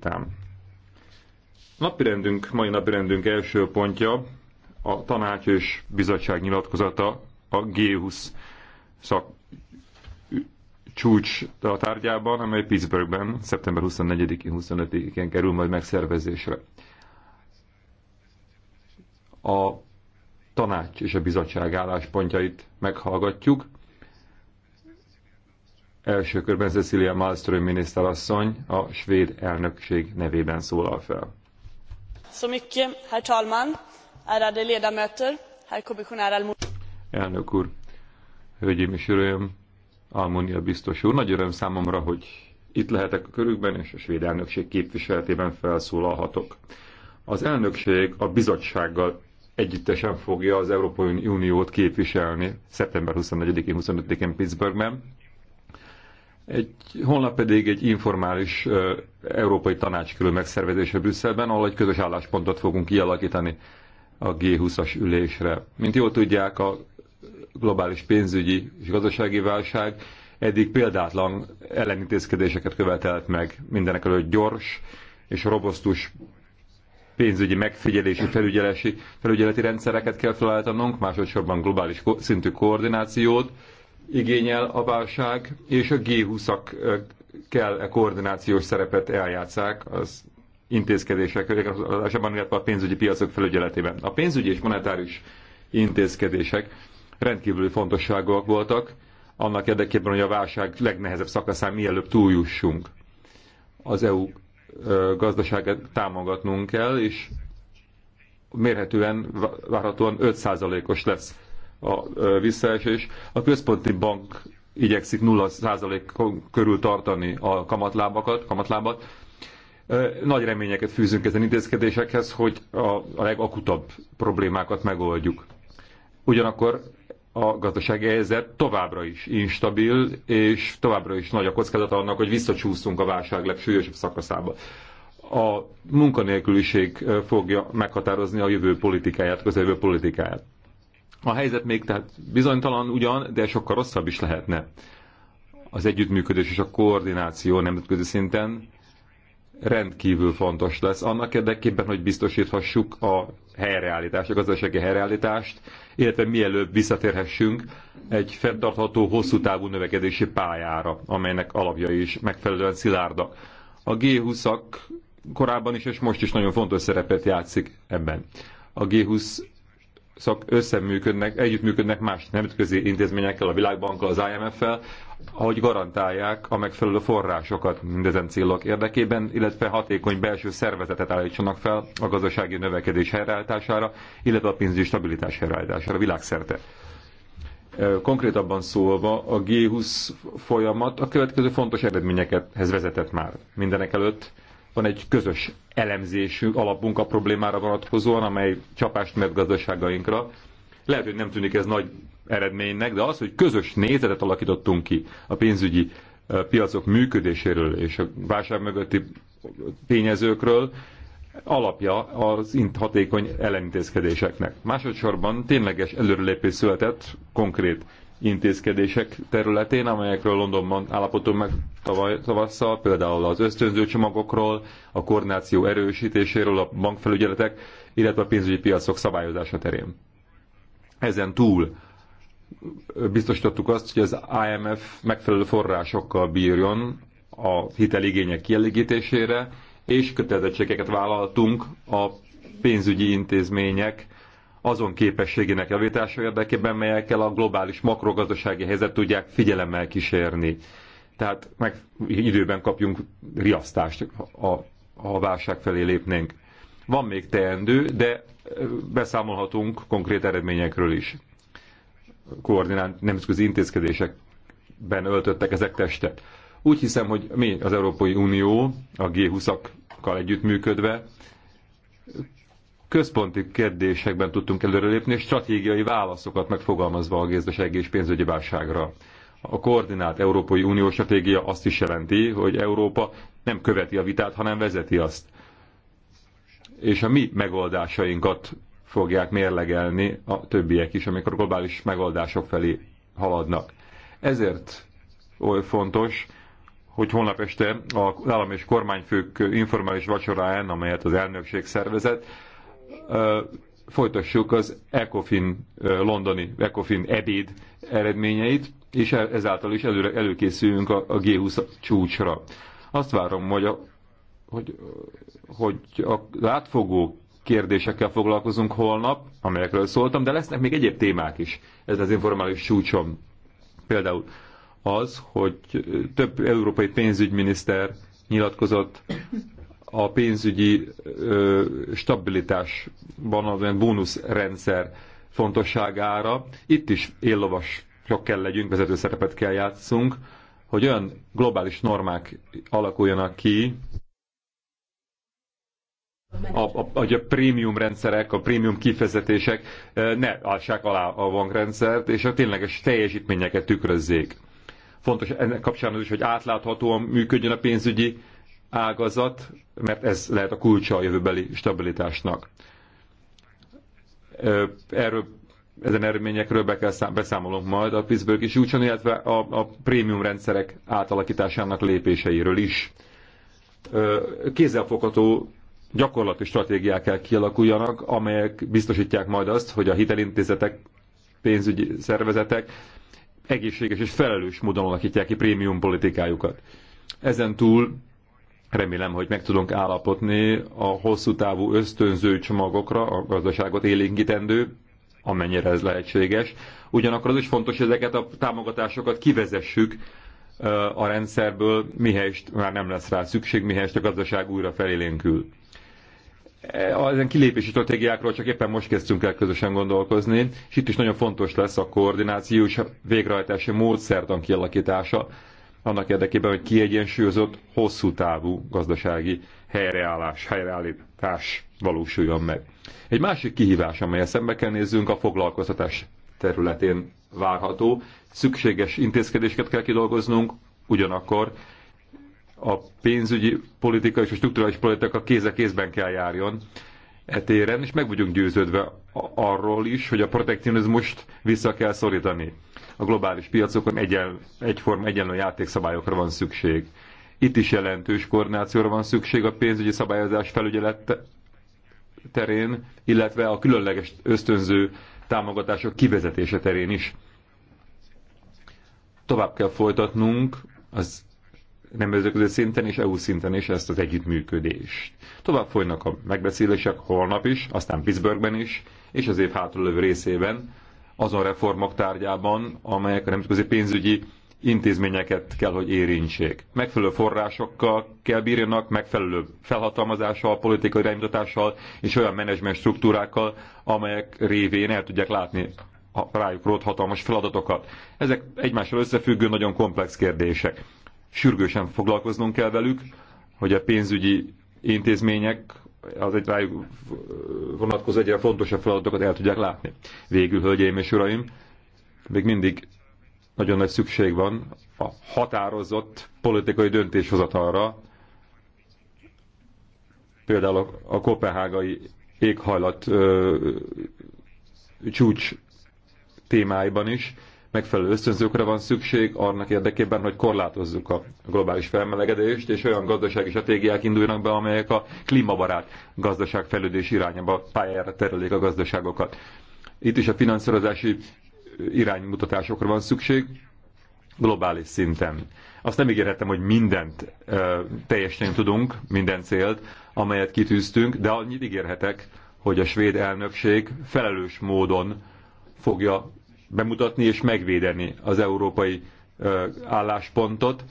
után. Napirendünk, mai napirendünk első pontja a tanács és bizottság nyilatkozata a G20 szak csúcs a tárgyában, amely Pittsburghben szeptember 24 25-én kerül majd megszervezésre. A tanács és a bizottság álláspontjait meghallgatjuk. Első körben Cecilia Malmström miniszterasszony a svéd elnökség nevében szólal fel. Så mycket, herr talman, ärade ledamöter, herr kommissionär Almunia. Elnök úr, hölgyeim és uraim, Almunia biztos úr, nagy öröm számomra, hogy itt lehetek a körükben, és a svéd elnökség képviseletében felszólalhatok. Az elnökség a bizottsággal együttesen fogja az Európai Uniót képviselni szeptember 24-én, 25-én Pittsburghben, egy, holnap pedig egy informális uh, európai tanács körül megszervezése Brüsszelben, ahol egy közös álláspontot fogunk kialakítani a G20-as ülésre. Mint jól tudják, a globális pénzügyi és gazdasági válság eddig példátlan ellenintézkedéseket követelt meg mindenek előtt gyors és robosztus pénzügyi megfigyelési, felügyelési, felügyeleti rendszereket kell felállítanunk, másodszorban globális szintű koordinációt, igényel a válság, és a G20-ak kell -e koordinációs szerepet eljátszák az intézkedések végrehajtásában, illetve a pénzügyi piacok felügyeletében. A pénzügyi és monetáris intézkedések rendkívül fontosságúak voltak, annak érdekében, hogy a válság legnehezebb szakaszán mielőbb túljussunk. Az EU gazdaságát támogatnunk kell, és mérhetően várhatóan 5%-os lesz a visszaesés. A központi bank igyekszik 0% körül tartani a kamatlábakat, kamatlábat. Nagy reményeket fűzünk ezen intézkedésekhez, hogy a, legakutabb problémákat megoldjuk. Ugyanakkor a gazdasági helyzet továbbra is instabil, és továbbra is nagy a kockázata annak, hogy visszacsúszunk a válság legsúlyosabb szakaszába. A munkanélküliség fogja meghatározni a jövő politikáját, közeljövő politikáját. A helyzet még tehát bizonytalan ugyan, de sokkal rosszabb is lehetne. Az együttműködés és a koordináció nemzetközi szinten rendkívül fontos lesz annak érdekében, hogy biztosíthassuk a helyreállítást, a gazdasági helyreállítást, illetve mielőbb visszatérhessünk egy fenntartható, hosszú távú növekedési pályára, amelynek alapja is megfelelően szilárda. A G20-ak korábban is és most is nagyon fontos szerepet játszik ebben. A G20 szak összeműködnek, együttműködnek más nemzetközi intézményekkel, a Világbankkal, az IMF-fel, hogy garantálják a megfelelő forrásokat mindezen célok érdekében, illetve hatékony belső szervezetet állítsanak fel a gazdasági növekedés helyreállítására, illetve a pénzügyi stabilitás helyreállítására világszerte. Konkrétabban szólva, a G20 folyamat a következő fontos eredményekhez vezetett már. Mindenek előtt van egy közös elemzésünk, alapunk a problémára vonatkozóan, amely csapást mert gazdaságainkra. Lehet, hogy nem tűnik ez nagy eredménynek, de az, hogy közös nézetet alakítottunk ki a pénzügyi piacok működéséről és a válság mögötti tényezőkről, alapja az hatékony ellenintézkedéseknek. Másodszorban tényleges előrelépés született konkrét intézkedések területén, amelyekről Londonban állapotunk meg tavaly, tavasszal, például az ösztönző csomagokról, a koordináció erősítéséről, a bankfelügyeletek, illetve a pénzügyi piacok szabályozása terén. Ezen túl biztosítottuk azt, hogy az IMF megfelelő forrásokkal bírjon a hiteligények kielégítésére, és kötelezettségeket vállaltunk a pénzügyi intézmények azon képességének javítása érdekében, melyekkel a globális makrogazdasági helyzet tudják figyelemmel kísérni. Tehát meg időben kapjunk riasztást, ha a válság felé lépnénk. Van még teendő, de beszámolhatunk konkrét eredményekről is. Koordinált nemzetközi intézkedésekben öltöttek ezek testet. Úgy hiszem, hogy mi az Európai Unió a G20-akkal együttműködve központi kérdésekben tudtunk előrelépni, és stratégiai válaszokat megfogalmazva a gazdasági és pénzügyi válságra. A koordinált Európai Unió stratégia azt is jelenti, hogy Európa nem követi a vitát, hanem vezeti azt. És a mi megoldásainkat fogják mérlegelni a többiek is, amikor globális megoldások felé haladnak. Ezért oly fontos, hogy holnap este a állam és kormányfők informális vacsoráján, amelyet az elnökség szervezett, folytassuk az ECOFIN londoni ECOFIN ebéd eredményeit, és e- ezáltal is előre előkészülünk a, G20 csúcsra. Azt várom, hogy a, hogy, hogy a látfogó kérdésekkel foglalkozunk holnap, amelyekről szóltam, de lesznek még egyéb témák is ez az informális csúcsom, Például az, hogy több európai pénzügyminiszter nyilatkozott a pénzügyi ö, stabilitásban az olyan bónuszrendszer fontosságára. Itt is éllovas csak kell legyünk, vezető szerepet kell játszunk, hogy olyan globális normák alakuljanak ki, a, a, a, a prémium rendszerek, a prémium kifezetések, ne alsák alá a bankrendszert, és a tényleges teljesítményeket tükrözzék. Fontos ennek kapcsán az is, hogy átláthatóan működjön a pénzügyi ágazat, mert ez lehet a kulcsa a jövőbeli stabilitásnak. Erről, ezen eredményekről be kell szám, beszámolunk majd a Pittsburgh is úgy, illetve a, a prémium rendszerek átalakításának lépéseiről is. Kézzelfogható gyakorlati stratégiák kell kialakuljanak, amelyek biztosítják majd azt, hogy a hitelintézetek, pénzügyi szervezetek egészséges és felelős módon alakítják ki prémium politikájukat. Ezen túl Remélem, hogy meg tudunk állapotni a hosszú távú ösztönző csomagokra, a gazdaságot élénkítendő, amennyire ez lehetséges. Ugyanakkor az is fontos, hogy ezeket a támogatásokat kivezessük a rendszerből, mihelyest már nem lesz rá szükség, mihelyest a gazdaság újra felélénkül. E, ezen kilépési stratégiákról csak éppen most kezdtünk el közösen gondolkozni, és itt is nagyon fontos lesz a koordinációs végrehajtási módszertan kialakítása, annak érdekében, hogy kiegyensúlyozott, hosszú távú gazdasági helyreállás, helyreállítás valósuljon meg. Egy másik kihívás, amelyet szembe kell nézzünk, a foglalkoztatás területén várható. Szükséges intézkedéseket kell kidolgoznunk, ugyanakkor a pénzügyi politika és a strukturális politika kéze kézben kell járjon etéren, és meg vagyunk győződve arról is, hogy a protekcionizmust vissza kell szorítani a globális piacokon egyen, egyforma egyenlő játékszabályokra van szükség. Itt is jelentős koordinációra van szükség a pénzügyi szabályozás felügyelet terén, illetve a különleges ösztönző támogatások kivezetése terén is. Tovább kell folytatnunk az nemzetközi szinten és EU szinten is ezt az együttműködést. Tovább folynak a megbeszélések holnap is, aztán Pittsburghben is, és az év hátralövő részében, azon reformok tárgyában, amelyek a nemzetközi pénzügyi intézményeket kell, hogy érintsék. Megfelelő forrásokkal kell bírjanak, megfelelő felhatalmazással, politikai irányítással és olyan menedzsment struktúrákkal, amelyek révén el tudják látni a rájuk rót hatalmas feladatokat. Ezek egymással összefüggő, nagyon komplex kérdések. Sürgősen foglalkoznunk kell velük, hogy a pénzügyi intézmények az egy rájuk vonatkozó egyre fontosabb feladatokat el tudják látni. Végül, hölgyeim és uraim, még mindig nagyon nagy szükség van a határozott politikai döntéshozatalra, például a kopenhágai éghajlat ö, csúcs témáiban is, megfelelő ösztönzőkre van szükség annak érdekében, hogy korlátozzuk a globális felmelegedést, és olyan gazdasági stratégiák induljanak be, amelyek a klímabarát gazdaságfejlődés irányába pályára terelik a gazdaságokat. Itt is a finanszírozási iránymutatásokra van szükség, globális szinten. Azt nem ígérhetem, hogy mindent e, teljesen tudunk, minden célt, amelyet kitűztünk, de annyit ígérhetek, hogy a svéd elnökség felelős módon fogja bemutatni és megvédeni az európai álláspontot.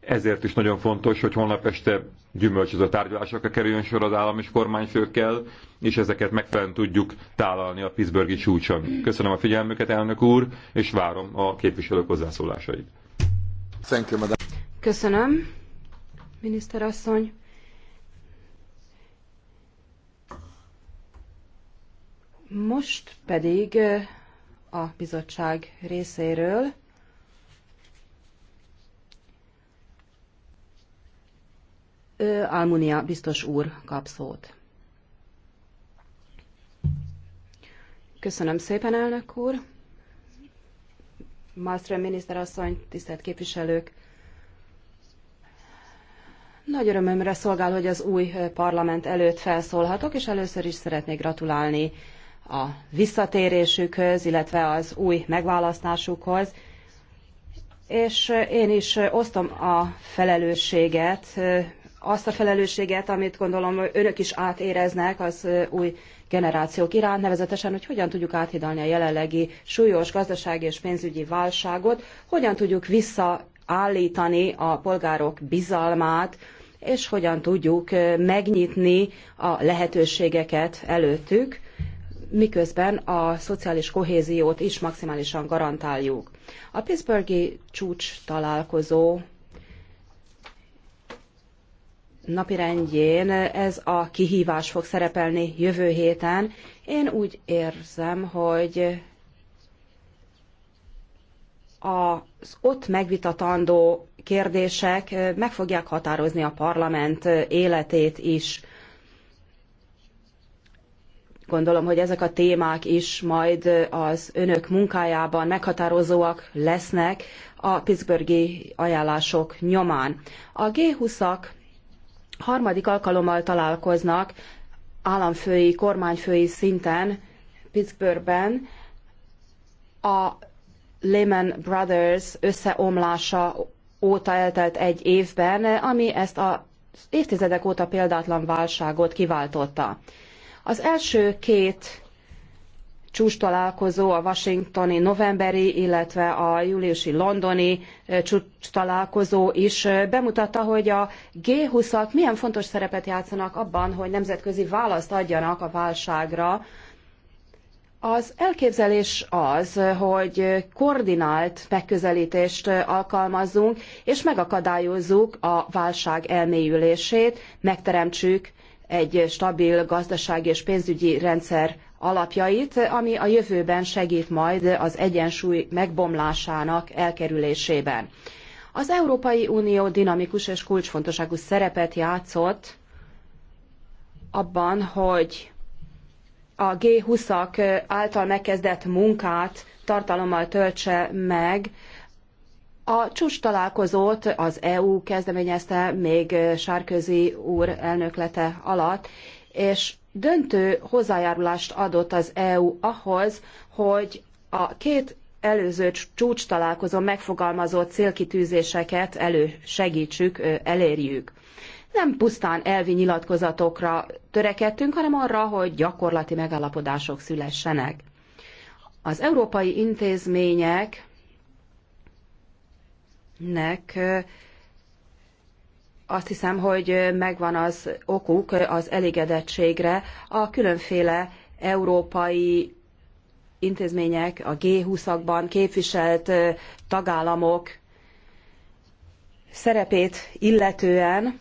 Ezért is nagyon fontos, hogy holnap este gyümölcsöző tárgyalásokra kerüljön sor az állam és kormányfőkkel, és ezeket megfelelően tudjuk tálalni a Pittsburghi csúcson. Köszönöm a figyelmüket, elnök úr, és várom a képviselők hozzászólásait. Thank you, madam. Köszönöm, miniszterasszony. Most pedig a bizottság részéről. Ő Almunia biztos úr kap szót. Köszönöm szépen, elnök úr. Malmström miniszterasszony, tisztelt képviselők! Nagy örömömre szolgál, hogy az új parlament előtt felszólhatok, és először is szeretnék gratulálni a visszatérésükhöz, illetve az új megválasztásukhoz. És én is osztom a felelősséget, azt a felelősséget, amit gondolom önök is átéreznek az új generációk iránt, nevezetesen, hogy hogyan tudjuk áthidalni a jelenlegi súlyos gazdasági és pénzügyi válságot, hogyan tudjuk visszaállítani a polgárok bizalmát, és hogyan tudjuk megnyitni a lehetőségeket előttük, miközben a szociális kohéziót is maximálisan garantáljuk. A Pittsburghi csúcs találkozó napirendjén ez a kihívás fog szerepelni jövő héten. Én úgy érzem, hogy az ott megvitatandó kérdések meg fogják határozni a parlament életét is. Gondolom, hogy ezek a témák is majd az önök munkájában meghatározóak lesznek a Pittsburghi ajánlások nyomán. A G20-ak harmadik alkalommal találkoznak államfői, kormányfői szinten Pittsburghben a Lehman Brothers összeomlása óta eltelt egy évben, ami ezt az évtizedek óta példátlan válságot kiváltotta. Az első két csúcs találkozó, a washingtoni novemberi, illetve a júliusi londoni csúcs találkozó is bemutatta, hogy a G20-ak milyen fontos szerepet játszanak abban, hogy nemzetközi választ adjanak a válságra. Az elképzelés az, hogy koordinált megközelítést alkalmazzunk, és megakadályozzuk a válság elmélyülését, megteremtsük egy stabil gazdasági és pénzügyi rendszer alapjait, ami a jövőben segít majd az egyensúly megbomlásának elkerülésében. Az Európai Unió dinamikus és kulcsfontosságú szerepet játszott abban, hogy a G20-ak által megkezdett munkát tartalommal töltse meg, a csúcs találkozót az EU kezdeményezte még Sárközi úr elnöklete alatt, és döntő hozzájárulást adott az EU ahhoz, hogy a két előző csúcs találkozó megfogalmazott célkitűzéseket elősegítsük, elérjük. Nem pusztán elvi nyilatkozatokra törekedtünk, hanem arra, hogy gyakorlati megállapodások szülessenek. Az európai intézmények nek azt hiszem, hogy megvan az okuk az elégedettségre a különféle európai intézmények, a G20-akban képviselt tagállamok szerepét illetően,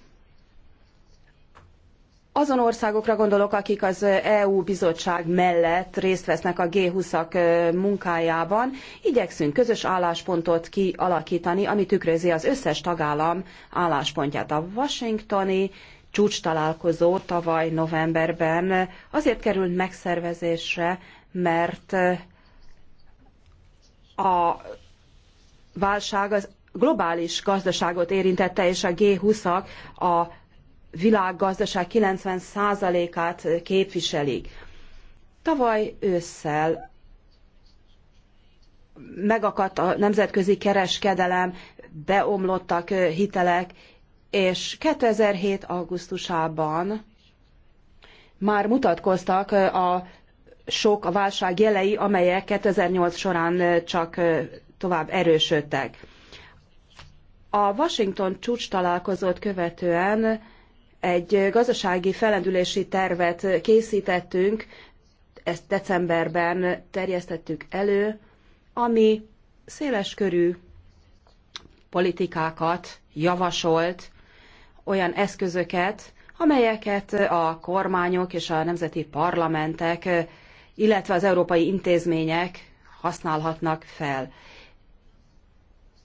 azon országokra gondolok, akik az EU bizottság mellett részt vesznek a G20-ak munkájában. Igyekszünk közös álláspontot kialakítani, ami tükrözi az összes tagállam álláspontját. A washingtoni csúcs találkozó tavaly novemberben azért került megszervezésre, mert a válság az globális gazdaságot érintette, és a G20-ak a világgazdaság 90%-át képviselik. Tavaly ősszel megakadt a nemzetközi kereskedelem, beomlottak hitelek, és 2007. augusztusában már mutatkoztak a sok a válság jelei, amelyek 2008 során csak tovább erősödtek. A Washington csúcs találkozót követően egy gazdasági felendülési tervet készítettünk, ezt decemberben terjesztettük elő, ami széleskörű politikákat javasolt, olyan eszközöket, amelyeket a kormányok és a nemzeti parlamentek, illetve az európai intézmények használhatnak fel.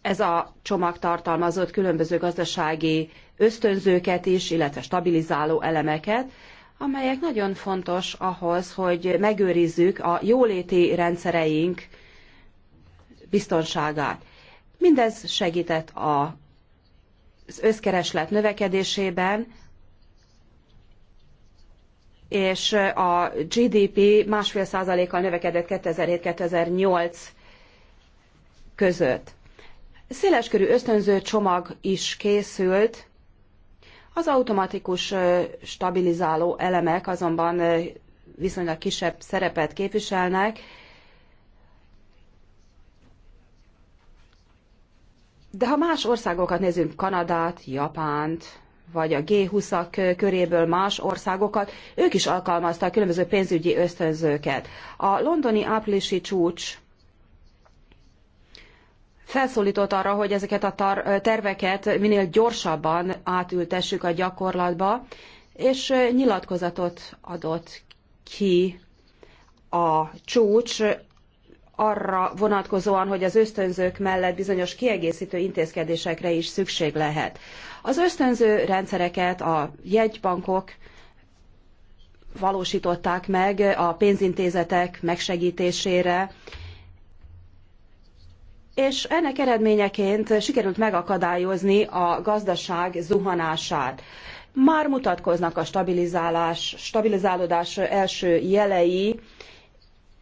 Ez a csomag tartalmazott különböző gazdasági ösztönzőket is, illetve stabilizáló elemeket, amelyek nagyon fontos ahhoz, hogy megőrizzük a jóléti rendszereink biztonságát. Mindez segített a, az összkereslet növekedésében, és a GDP másfél százalékkal növekedett 2007-2008 között. Széleskörű ösztönző csomag is készült, az automatikus stabilizáló elemek azonban viszonylag kisebb szerepet képviselnek, de ha más országokat nézünk, Kanadát, Japánt, vagy a G20-ak köréből más országokat, ők is alkalmazták különböző pénzügyi ösztönzőket. A londoni áprilisi csúcs felszólított arra, hogy ezeket a terveket minél gyorsabban átültessük a gyakorlatba, és nyilatkozatot adott ki a csúcs arra vonatkozóan, hogy az ösztönzők mellett bizonyos kiegészítő intézkedésekre is szükség lehet. Az ösztönző rendszereket a jegybankok valósították meg a pénzintézetek megsegítésére, és ennek eredményeként sikerült megakadályozni a gazdaság zuhanását. Már mutatkoznak a stabilizálás, stabilizálódás első jelei,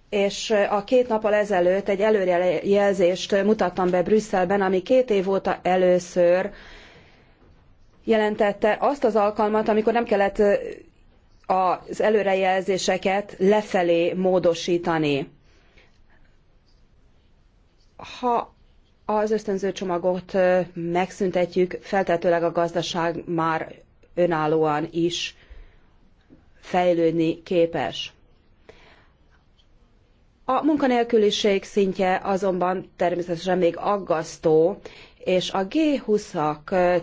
és a két nappal ezelőtt egy előrejelzést mutattam be Brüsszelben, ami két év óta először jelentette azt az alkalmat, amikor nem kellett az előrejelzéseket lefelé módosítani. Ha az ösztönző csomagot megszüntetjük, feltetőleg a gazdaság már önállóan is fejlődni képes. A munkanélküliség szintje azonban természetesen még aggasztó, és a G20-ak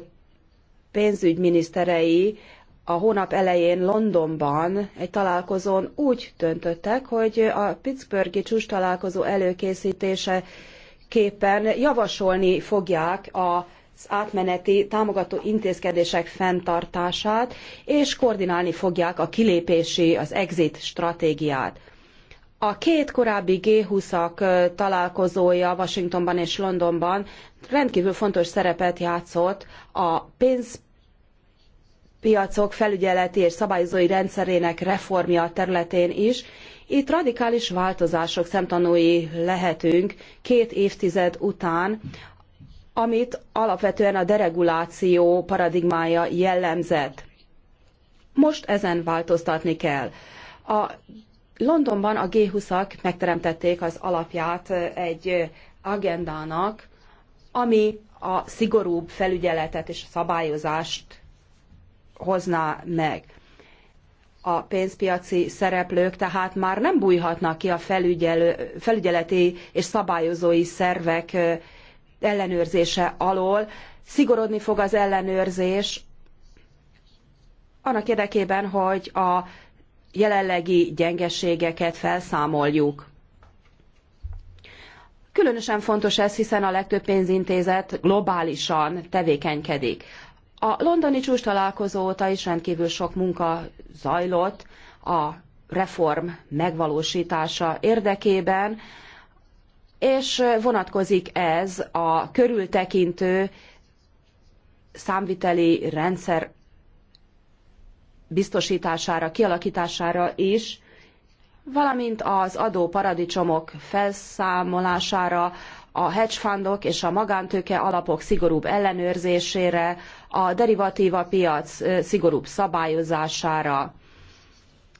pénzügyminiszterei a hónap elején Londonban egy találkozón úgy döntöttek, hogy a Pittsburghi csúcs találkozó előkészítése képen javasolni fogják a az átmeneti támogató intézkedések fenntartását, és koordinálni fogják a kilépési, az exit stratégiát. A két korábbi G20-ak találkozója Washingtonban és Londonban rendkívül fontos szerepet játszott a pénzpiacok felügyeleti és szabályozói rendszerének reformja területén is, itt radikális változások szemtanúi lehetünk két évtized után, amit alapvetően a dereguláció paradigmája jellemzett. Most ezen változtatni kell. A Londonban a G20-ak megteremtették az alapját egy agendának, ami a szigorúbb felügyeletet és szabályozást hozná meg a pénzpiaci szereplők tehát már nem bújhatnak ki a felügyelő, felügyeleti és szabályozói szervek ellenőrzése alól. Szigorodni fog az ellenőrzés annak érdekében, hogy a jelenlegi gyengeségeket felszámoljuk. Különösen fontos ez, hiszen a legtöbb pénzintézet globálisan tevékenykedik. A londoni csúcs találkozó óta is rendkívül sok munka zajlott a reform megvalósítása érdekében, és vonatkozik ez a körültekintő számviteli rendszer biztosítására, kialakítására is, valamint az adóparadicsomok felszámolására, a hedge fundok és a magántőke alapok szigorúbb ellenőrzésére, a derivatíva piac szigorúbb szabályozására,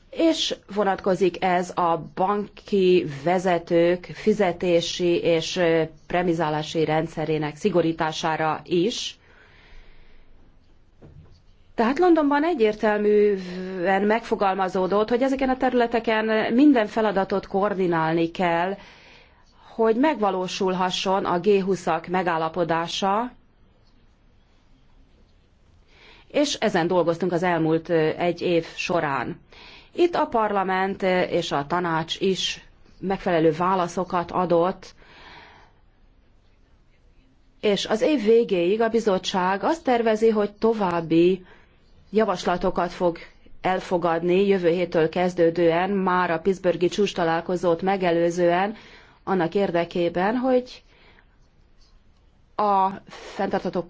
és vonatkozik ez a banki vezetők fizetési és premizálási rendszerének szigorítására is. Tehát Londonban egyértelműen megfogalmazódott, hogy ezeken a területeken minden feladatot koordinálni kell, hogy megvalósulhasson a G20-ak megállapodása, és ezen dolgoztunk az elmúlt egy év során. Itt a parlament és a tanács is megfelelő válaszokat adott, és az év végéig a bizottság azt tervezi, hogy további javaslatokat fog elfogadni jövő héttől kezdődően, már a Pittsburghi csúcs találkozót megelőzően, annak érdekében, hogy a fenntartható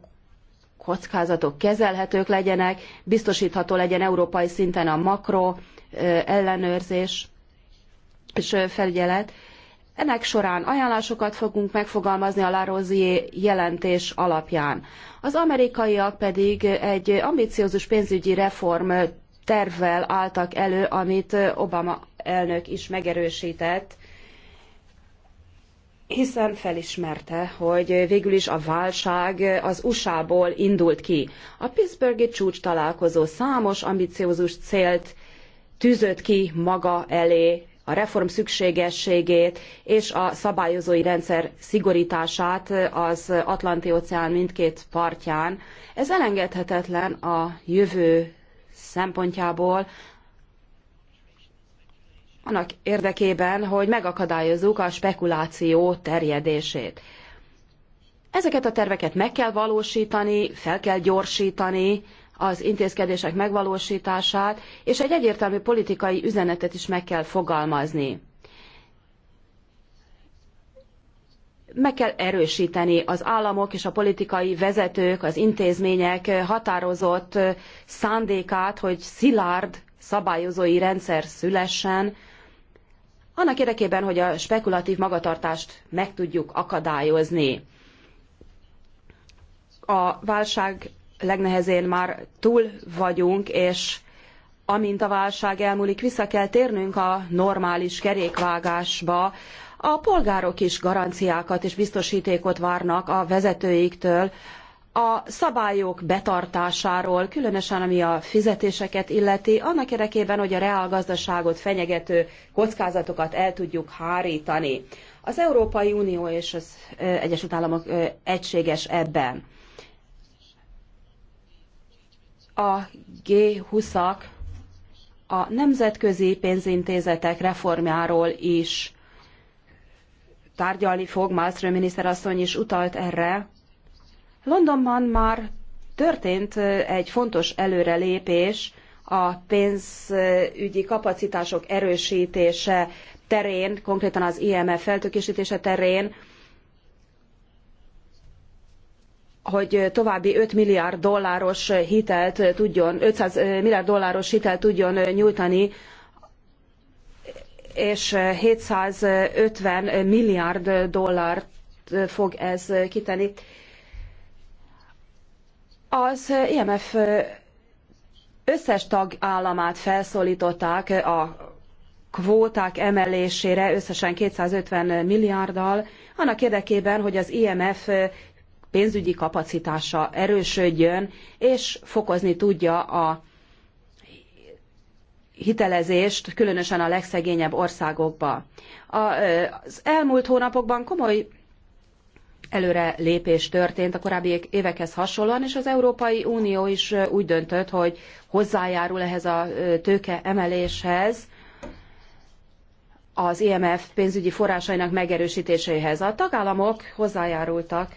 kockázatok kezelhetők legyenek, biztosítható legyen európai szinten a makro ellenőrzés és felügyelet. Ennek során ajánlásokat fogunk megfogalmazni a Larosier jelentés alapján. Az amerikaiak pedig egy ambiciózus pénzügyi reform tervvel álltak elő, amit Obama elnök is megerősített hiszen felismerte, hogy végül is a válság az USA-ból indult ki. A Pittsburghi csúcs találkozó számos ambiciózus célt tűzött ki maga elé, a reform szükségességét és a szabályozói rendszer szigorítását az Atlanti-óceán mindkét partján. Ez elengedhetetlen a jövő szempontjából, annak érdekében, hogy megakadályozzuk a spekuláció terjedését. Ezeket a terveket meg kell valósítani, fel kell gyorsítani az intézkedések megvalósítását, és egy egyértelmű politikai üzenetet is meg kell fogalmazni. Meg kell erősíteni az államok és a politikai vezetők, az intézmények határozott szándékát, hogy szilárd szabályozói rendszer szülessen, annak érdekében, hogy a spekulatív magatartást meg tudjuk akadályozni. A válság legnehezén már túl vagyunk, és amint a válság elmúlik, vissza kell térnünk a normális kerékvágásba. A polgárok is garanciákat és biztosítékot várnak a vezetőiktől a szabályok betartásáról, különösen ami a fizetéseket illeti, annak érdekében, hogy a reálgazdaságot fenyegető kockázatokat el tudjuk hárítani. Az Európai Unió és az Egyesült Államok egységes ebben. A G20-ak a nemzetközi pénzintézetek reformjáról is tárgyalni fog, Malmström asszony is utalt erre, Londonban már történt egy fontos előrelépés a pénzügyi kapacitások erősítése terén, konkrétan az IMF feltökésítése terén, hogy további 5 milliárd dolláros hitelt tudjon, 500 milliárd dolláros hitelt tudjon nyújtani, és 750 milliárd dollárt fog ez kitenni. Az IMF összes tagállamát felszólították a kvóták emelésére összesen 250 milliárddal, annak érdekében, hogy az IMF pénzügyi kapacitása erősödjön, és fokozni tudja a hitelezést, különösen a legszegényebb országokba. Az elmúlt hónapokban komoly előre lépés történt a korábbi évekhez hasonlóan, és az Európai Unió is úgy döntött, hogy hozzájárul ehhez a tőke emeléshez, az IMF pénzügyi forrásainak megerősítéséhez. A tagállamok hozzájárultak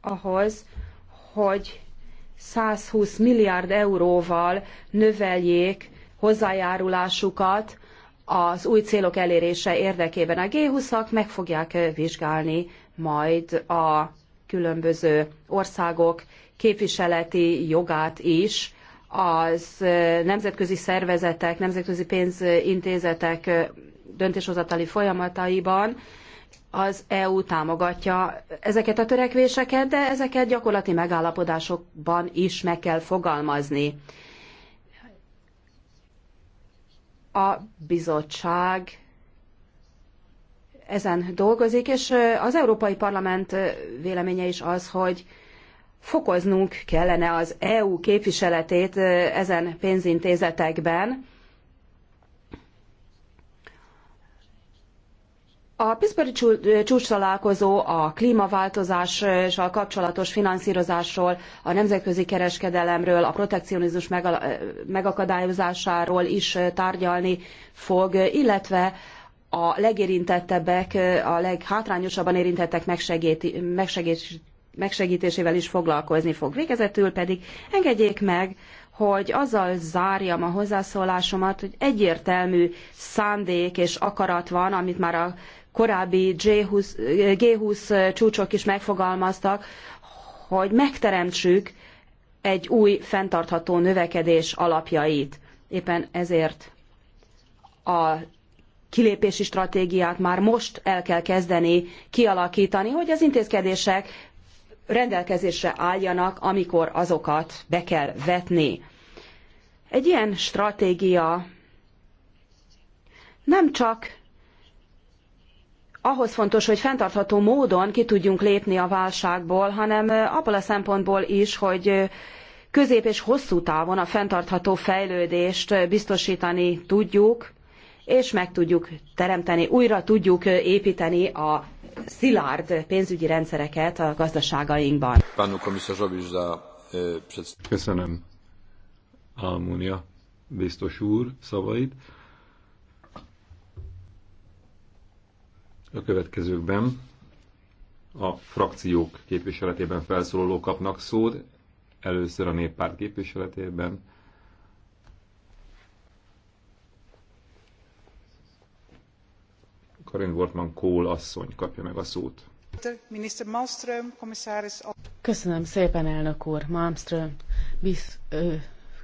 ahhoz, hogy 120 milliárd euróval növeljék hozzájárulásukat az új célok elérése érdekében. A G20-ak meg fogják vizsgálni majd a különböző országok képviseleti jogát is az nemzetközi szervezetek, nemzetközi pénzintézetek döntéshozatali folyamataiban az EU támogatja ezeket a törekvéseket, de ezeket gyakorlati megállapodásokban is meg kell fogalmazni. A bizottság ezen dolgozik, és az Európai Parlament véleménye is az, hogy fokoznunk kellene az EU képviseletét ezen pénzintézetekben. A Pittsburghi csúcs találkozó a klímaváltozással kapcsolatos finanszírozásról, a nemzetközi kereskedelemről, a protekcionizmus megakadályozásáról is tárgyalni fog, illetve a legérintettebbek, a leghátrányosabban érintettek megsegíti, megsegítésével is foglalkozni fog. Végezetül pedig engedjék meg, hogy azzal zárjam a hozzászólásomat, hogy egyértelmű szándék és akarat van, amit már a korábbi G20, G20 csúcsok is megfogalmaztak, hogy megteremtsük egy új fenntartható növekedés alapjait. Éppen ezért a kilépési stratégiát már most el kell kezdeni kialakítani, hogy az intézkedések rendelkezésre álljanak, amikor azokat be kell vetni. Egy ilyen stratégia nem csak ahhoz fontos, hogy fenntartható módon ki tudjunk lépni a válságból, hanem abból a szempontból is, hogy közép és hosszú távon a fenntartható fejlődést biztosítani tudjuk, és meg tudjuk teremteni, újra tudjuk építeni a szilárd pénzügyi rendszereket a gazdaságainkban. E, Köszönöm Almunia biztos úr szavait. A következőkben a frakciók képviseletében felszólalók kapnak szót, először a néppárt képviseletében Karin Wortmann Kohl asszony kapja meg a szót. Köszönöm szépen, elnök úr, Malmström, biz, ö,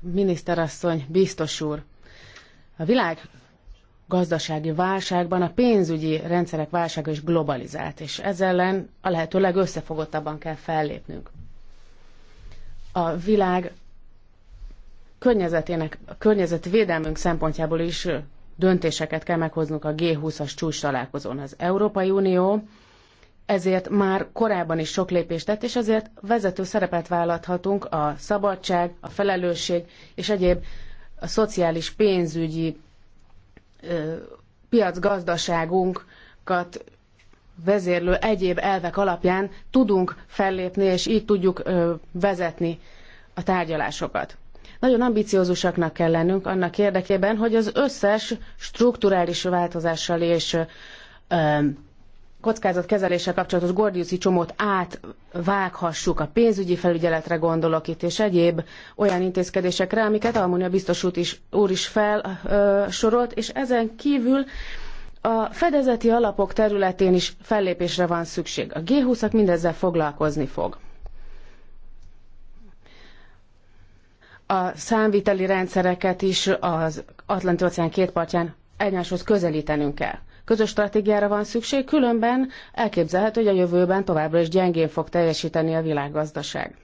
miniszterasszony, biztos úr. A világ gazdasági válságban a pénzügyi rendszerek válsága is globalizált, és ezzel ellen a lehető legösszefogottabban kell fellépnünk. A világ környezetének, a környezetvédelmünk szempontjából is döntéseket kell meghoznunk a G20-as csúcs találkozón. Az Európai Unió ezért már korábban is sok lépést tett, és ezért vezető szerepet vállalhatunk a szabadság, a felelősség és egyéb a szociális pénzügyi ö, piacgazdaságunkat vezérlő egyéb elvek alapján tudunk fellépni, és így tudjuk ö, vezetni a tárgyalásokat. Nagyon ambiciózusaknak kell lennünk annak érdekében, hogy az összes strukturális változással és kockázatkezeléssel kapcsolatos gordiuszi csomót átvághassuk. A pénzügyi felügyeletre gondolok itt, és egyéb olyan intézkedésekre, amiket Almunia biztos úr is, úr is felsorolt, és ezen kívül a fedezeti alapok területén is fellépésre van szükség. A G20-ak mindezzel foglalkozni fog. a számviteli rendszereket is az Atlanti-óceán két partján egymáshoz közelítenünk kell. Közös stratégiára van szükség, különben elképzelhető, hogy a jövőben továbbra is gyengén fog teljesíteni a világgazdaság.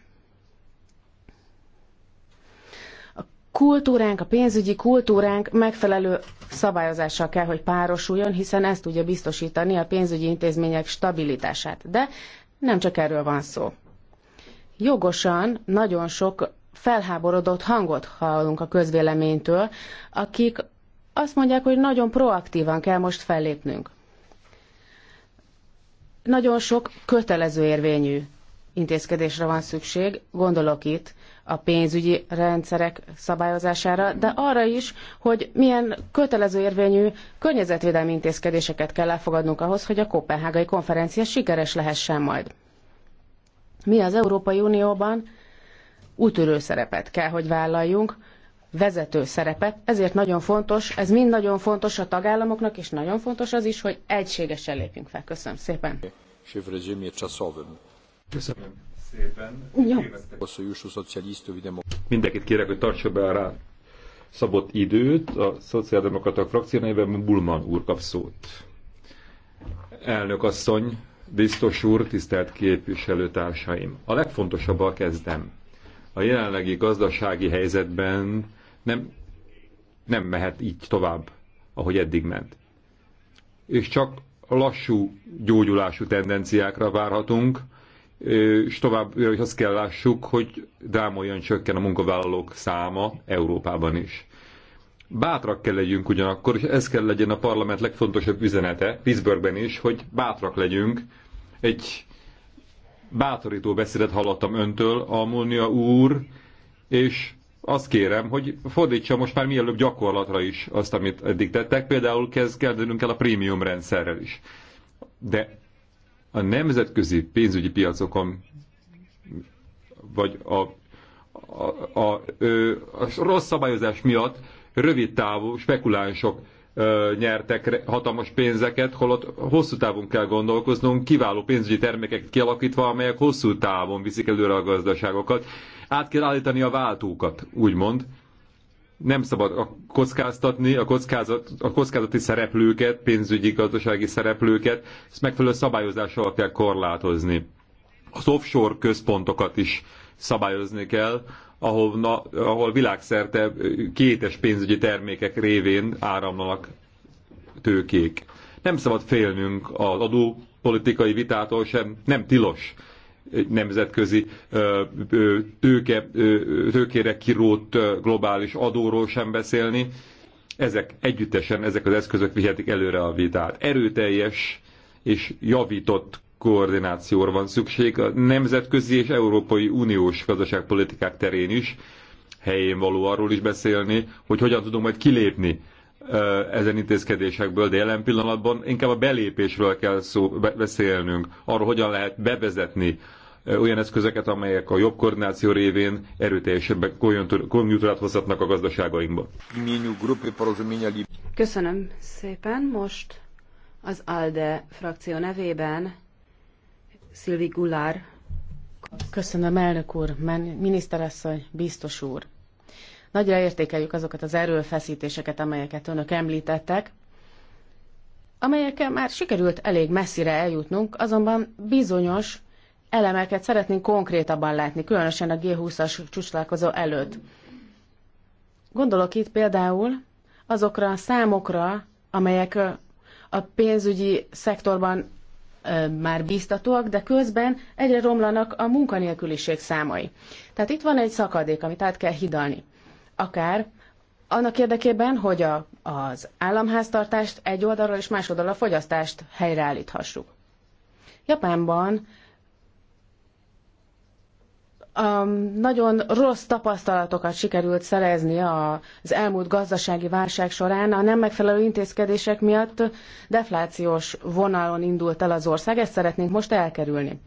A kultúránk, a pénzügyi kultúránk megfelelő szabályozással kell, hogy párosuljon, hiszen ez tudja biztosítani a pénzügyi intézmények stabilitását. De nem csak erről van szó. Jogosan nagyon sok felháborodott hangot hallunk a közvéleménytől, akik azt mondják, hogy nagyon proaktívan kell most fellépnünk. Nagyon sok kötelező érvényű intézkedésre van szükség, gondolok itt a pénzügyi rendszerek szabályozására, de arra is, hogy milyen kötelező érvényű környezetvédelmi intézkedéseket kell elfogadnunk ahhoz, hogy a Kopenhágai konferencia sikeres lehessen majd. Mi az Európai Unióban útörő szerepet kell, hogy vállaljunk, vezető szerepet, ezért nagyon fontos, ez mind nagyon fontos a tagállamoknak, és nagyon fontos az is, hogy egységesen lépjünk fel. Köszönöm szépen. Köszönöm szépen. Ja. Mindenkit kérek, hogy tartsa be rá szabott időt. A Szociáldemokrata frakció nevében Bulman úr kap szót. Elnök asszony, biztos úr, tisztelt képviselőtársaim. A legfontosabbal kezdem a jelenlegi gazdasági helyzetben nem, nem mehet így tovább, ahogy eddig ment. És csak lassú gyógyulású tendenciákra várhatunk, és tovább és azt kell lássuk, hogy drámoljan csökken a munkavállalók száma Európában is. Bátrak kell legyünk ugyanakkor, és ez kell legyen a parlament legfontosabb üzenete Pittsburghben is, hogy bátrak legyünk, egy bátorító beszédet hallottam öntől, Almunia úr, és azt kérem, hogy fordítsa most már mielőbb gyakorlatra is azt, amit eddig tettek. Például kezd kezdenünk el a prémium rendszerrel is. De a nemzetközi pénzügyi piacokon, vagy a, a, a, a, a rossz szabályozás miatt rövid távú spekulánsok nyertek hatalmas pénzeket, holott hosszú távon kell gondolkoznunk, kiváló pénzügyi termékek kialakítva, amelyek hosszú távon viszik előre a gazdaságokat. Át kell állítani a váltókat, úgymond. Nem szabad a kockáztatni a, kockázat, a kockázati szereplőket, pénzügyi, gazdasági szereplőket, ezt megfelelő szabályozással kell korlátozni. Az offshore központokat is szabályozni kell, ahol, na, ahol világszerte kétes pénzügyi termékek révén áramlanak tőkék. Nem szabad félnünk az adópolitikai vitától sem, nem tilos nemzetközi tőke, tőkére kirót globális adóról sem beszélni. Ezek együttesen, ezek az eszközök vihetik előre a vitát. Erőteljes és javított koordinációra van szükség a nemzetközi és Európai Uniós gazdaságpolitikák terén is. Helyén való arról is beszélni, hogy hogyan tudunk majd kilépni ezen intézkedésekből, de jelen pillanatban inkább a belépésről kell szó, beszélnünk, arról hogyan lehet bevezetni olyan eszközöket, amelyek a jobb koordináció révén erőteljesebben konjunktúrát hozhatnak a gazdaságainkba. Köszönöm szépen. Most az ALDE frakció nevében Szilvi Gulár. Köszönöm, elnök úr, miniszterasszony, biztos úr. Nagyra értékeljük azokat az erőfeszítéseket, amelyeket önök említettek, amelyekkel már sikerült elég messzire eljutnunk, azonban bizonyos elemeket szeretnénk konkrétabban látni, különösen a G20-as csúcslálkozó előtt. Gondolok itt például azokra a számokra, amelyek a pénzügyi szektorban már biztatóak, de közben egyre romlanak a munkanélküliség számai. Tehát itt van egy szakadék, amit át kell hidalni. Akár annak érdekében, hogy a, az államháztartást egy oldalról és más oldalról a fogyasztást helyreállíthassuk. Japánban um, nagyon rossz tapasztalatokat sikerült szerezni az elmúlt gazdasági válság során. A nem megfelelő intézkedések miatt deflációs vonalon indult el az ország, ezt szeretnénk most elkerülni.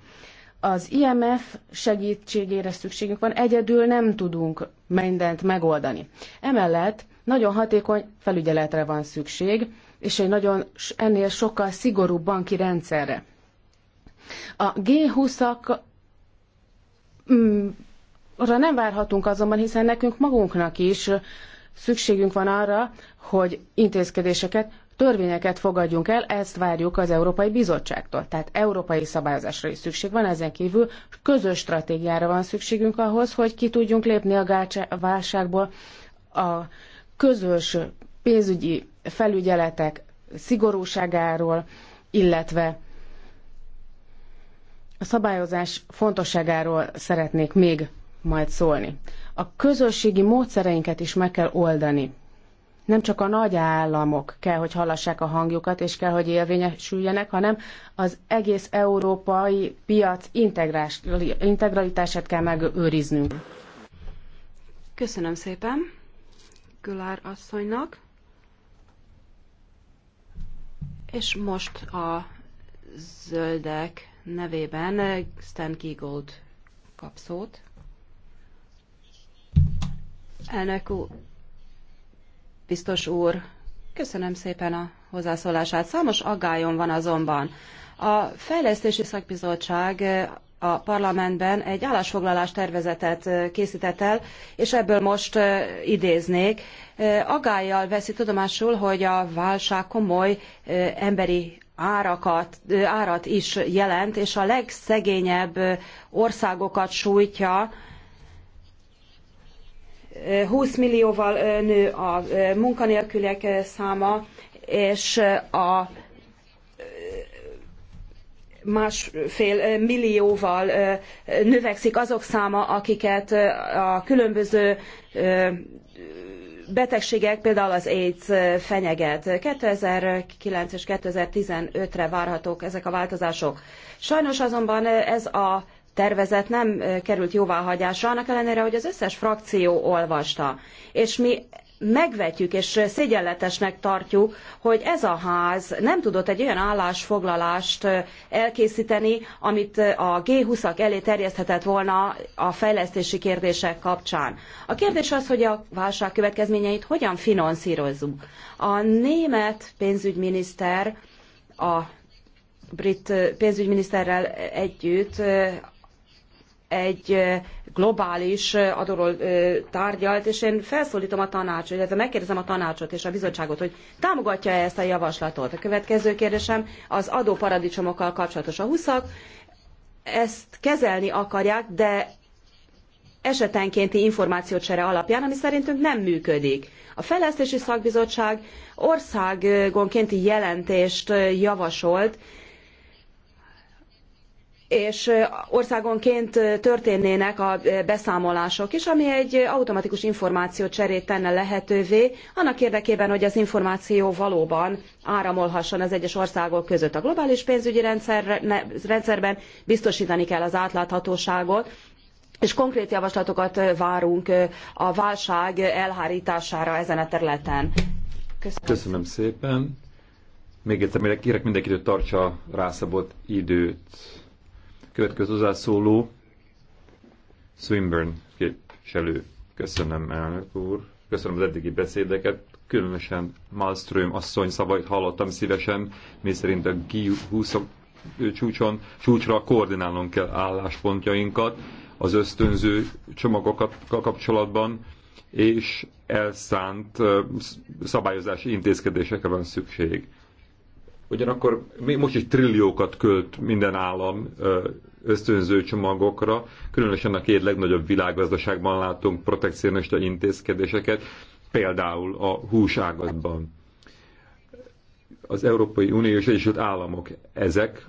Az IMF segítségére szükségünk van, egyedül nem tudunk mindent megoldani. Emellett nagyon hatékony felügyeletre van szükség, és egy nagyon ennél sokkal szigorúbb banki rendszerre. A G20-ak Hm, arra nem várhatunk azonban, hiszen nekünk magunknak is szükségünk van arra, hogy intézkedéseket, törvényeket fogadjunk el, ezt várjuk az Európai Bizottságtól. Tehát európai szabályozásra is szükség van, ezen kívül közös stratégiára van szükségünk ahhoz, hogy ki tudjunk lépni a válságból a közös pénzügyi felügyeletek szigorúságáról, illetve a szabályozás fontosságáról szeretnék még majd szólni. A közösségi módszereinket is meg kell oldani. Nem csak a nagy államok kell, hogy hallassák a hangjukat, és kell, hogy élvényesüljenek, hanem az egész európai piac integralitását kell megőriznünk. Köszönöm szépen Gülár asszonynak. És most a zöldek nevében Stan Kigold kap szót. Elnök úr, biztos úr, köszönöm szépen a hozzászólását. Számos aggályom van azonban. A Fejlesztési Szakbizottság eh, a parlamentben egy állásfoglalás tervezetet eh, készített el, és ebből most eh, idéznék. Agállyal veszi tudomásul, hogy a válság komoly emberi árakat, árat is jelent, és a legszegényebb országokat sújtja. 20 millióval nő a munkanélküliek száma, és a másfél millióval növekszik azok száma, akiket a különböző betegségek, például az AIDS fenyeget. 2009 és 2015-re várhatók ezek a változások. Sajnos azonban ez a tervezet nem került jóváhagyásra, annak ellenére, hogy az összes frakció olvasta. És mi megvetjük és szégyenletesnek tartjuk, hogy ez a ház nem tudott egy olyan állásfoglalást elkészíteni, amit a G20-ak elé terjeszthetett volna a fejlesztési kérdések kapcsán. A kérdés az, hogy a válság következményeit hogyan finanszírozzuk. A német pénzügyminiszter a brit pénzügyminiszterrel együtt egy globális adóról tárgyalt, és én felszólítom a tanácsot, illetve megkérdezem a tanácsot és a bizottságot, hogy támogatja -e ezt a javaslatot. A következő kérdésem az adóparadicsomokkal kapcsolatos. A huszak ezt kezelni akarják, de esetenkénti információcsere alapján, ami szerintünk nem működik. A Fejlesztési Szakbizottság országonkénti jelentést javasolt, és országonként történnének a beszámolások is, ami egy automatikus információcserét tenne lehetővé, annak érdekében, hogy az információ valóban áramolhasson az egyes országok között. A globális pénzügyi rendszer, rendszerben biztosítani kell az átláthatóságot, és konkrét javaslatokat várunk a válság elhárítására ezen a területen. Köszönöm, Köszönöm szépen. Még egyszer kérek mindenkit, hogy tartsa rászabott időt. Következő hozzászóló Swinburne képviselő. Köszönöm, elnök úr. Köszönöm az eddigi beszédeket. Különösen Malmström asszony szavait hallottam szívesen, mi szerint a G20 csúcson, csúcsra koordinálnunk kell álláspontjainkat az ösztönző csomagokkal kapcsolatban, és elszánt szabályozási intézkedésekre van szükség. Ugyanakkor még most is trilliókat költ minden állam ösztönző csomagokra, különösen a két legnagyobb világgazdaságban látunk protekcionista intézkedéseket, például a húságatban. Az Európai Unió és Egyesült Államok ezek,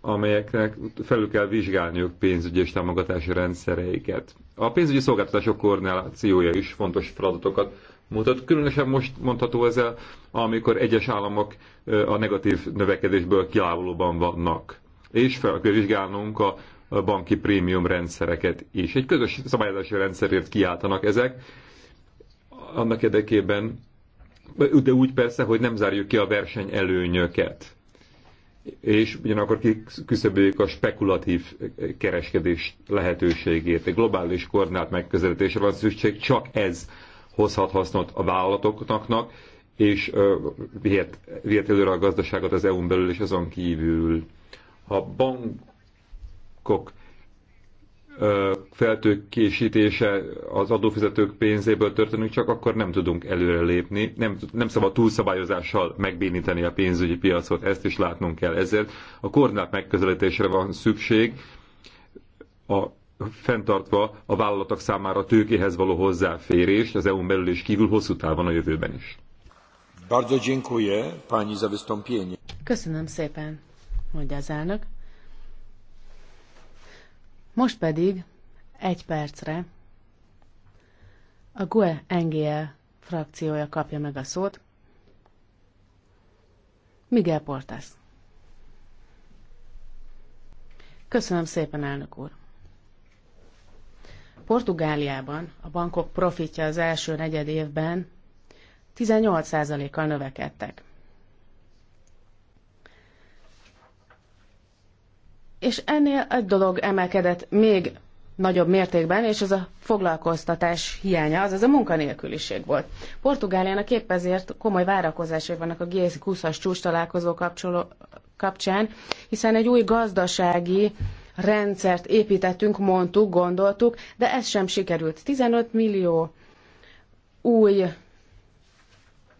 amelyeknek felül kell vizsgálniuk pénzügyi és támogatási rendszereiket. A pénzügyi szolgáltatások koordinációja is fontos feladatokat mutat. Különösen most mondható ezzel, amikor egyes államok a negatív növekedésből kilávolóban vannak és fel kell vizsgálnunk a banki prémium rendszereket is. Egy közös szabályozási rendszerért kiáltanak ezek, annak érdekében, de úgy persze, hogy nem zárjuk ki a verseny előnyöket. És ugyanakkor kiküszöböljük a spekulatív kereskedés lehetőségét. Egy globális koordinált megközelítésre van szükség, csak ez hozhat hasznot a vállalatoknak, és uh, vihet, vihet előre a gazdaságot az EU-n belül és azon kívül ha bankok feltőkésítése az adófizetők pénzéből történik, csak akkor nem tudunk előrelépni. Nem, nem szabad túlszabályozással megbéníteni a pénzügyi piacot, ezt is látnunk kell. Ezért a koordinát megközelítésre van szükség, a, fenntartva a vállalatok számára a tőkéhez való hozzáférés az EU-n belül és kívül hosszú távon a jövőben is. Bardzo dziękuję pani za wystąpienie. Köszönöm szépen mondja az elnök. Most pedig egy percre a GUE NGL frakciója kapja meg a szót. Miguel Portas. Köszönöm szépen, elnök úr. Portugáliában a bankok profitja az első negyed évben 18%-kal növekedtek. És ennél egy dolog emelkedett még nagyobb mértékben, és ez a foglalkoztatás hiánya, azaz a munkanélküliség volt. Portugáliának épp ezért komoly várakozásai vannak a G20-as csúcs találkozó kapcsoló, kapcsán, hiszen egy új gazdasági rendszert építettünk, mondtuk, gondoltuk, de ez sem sikerült. 15 millió új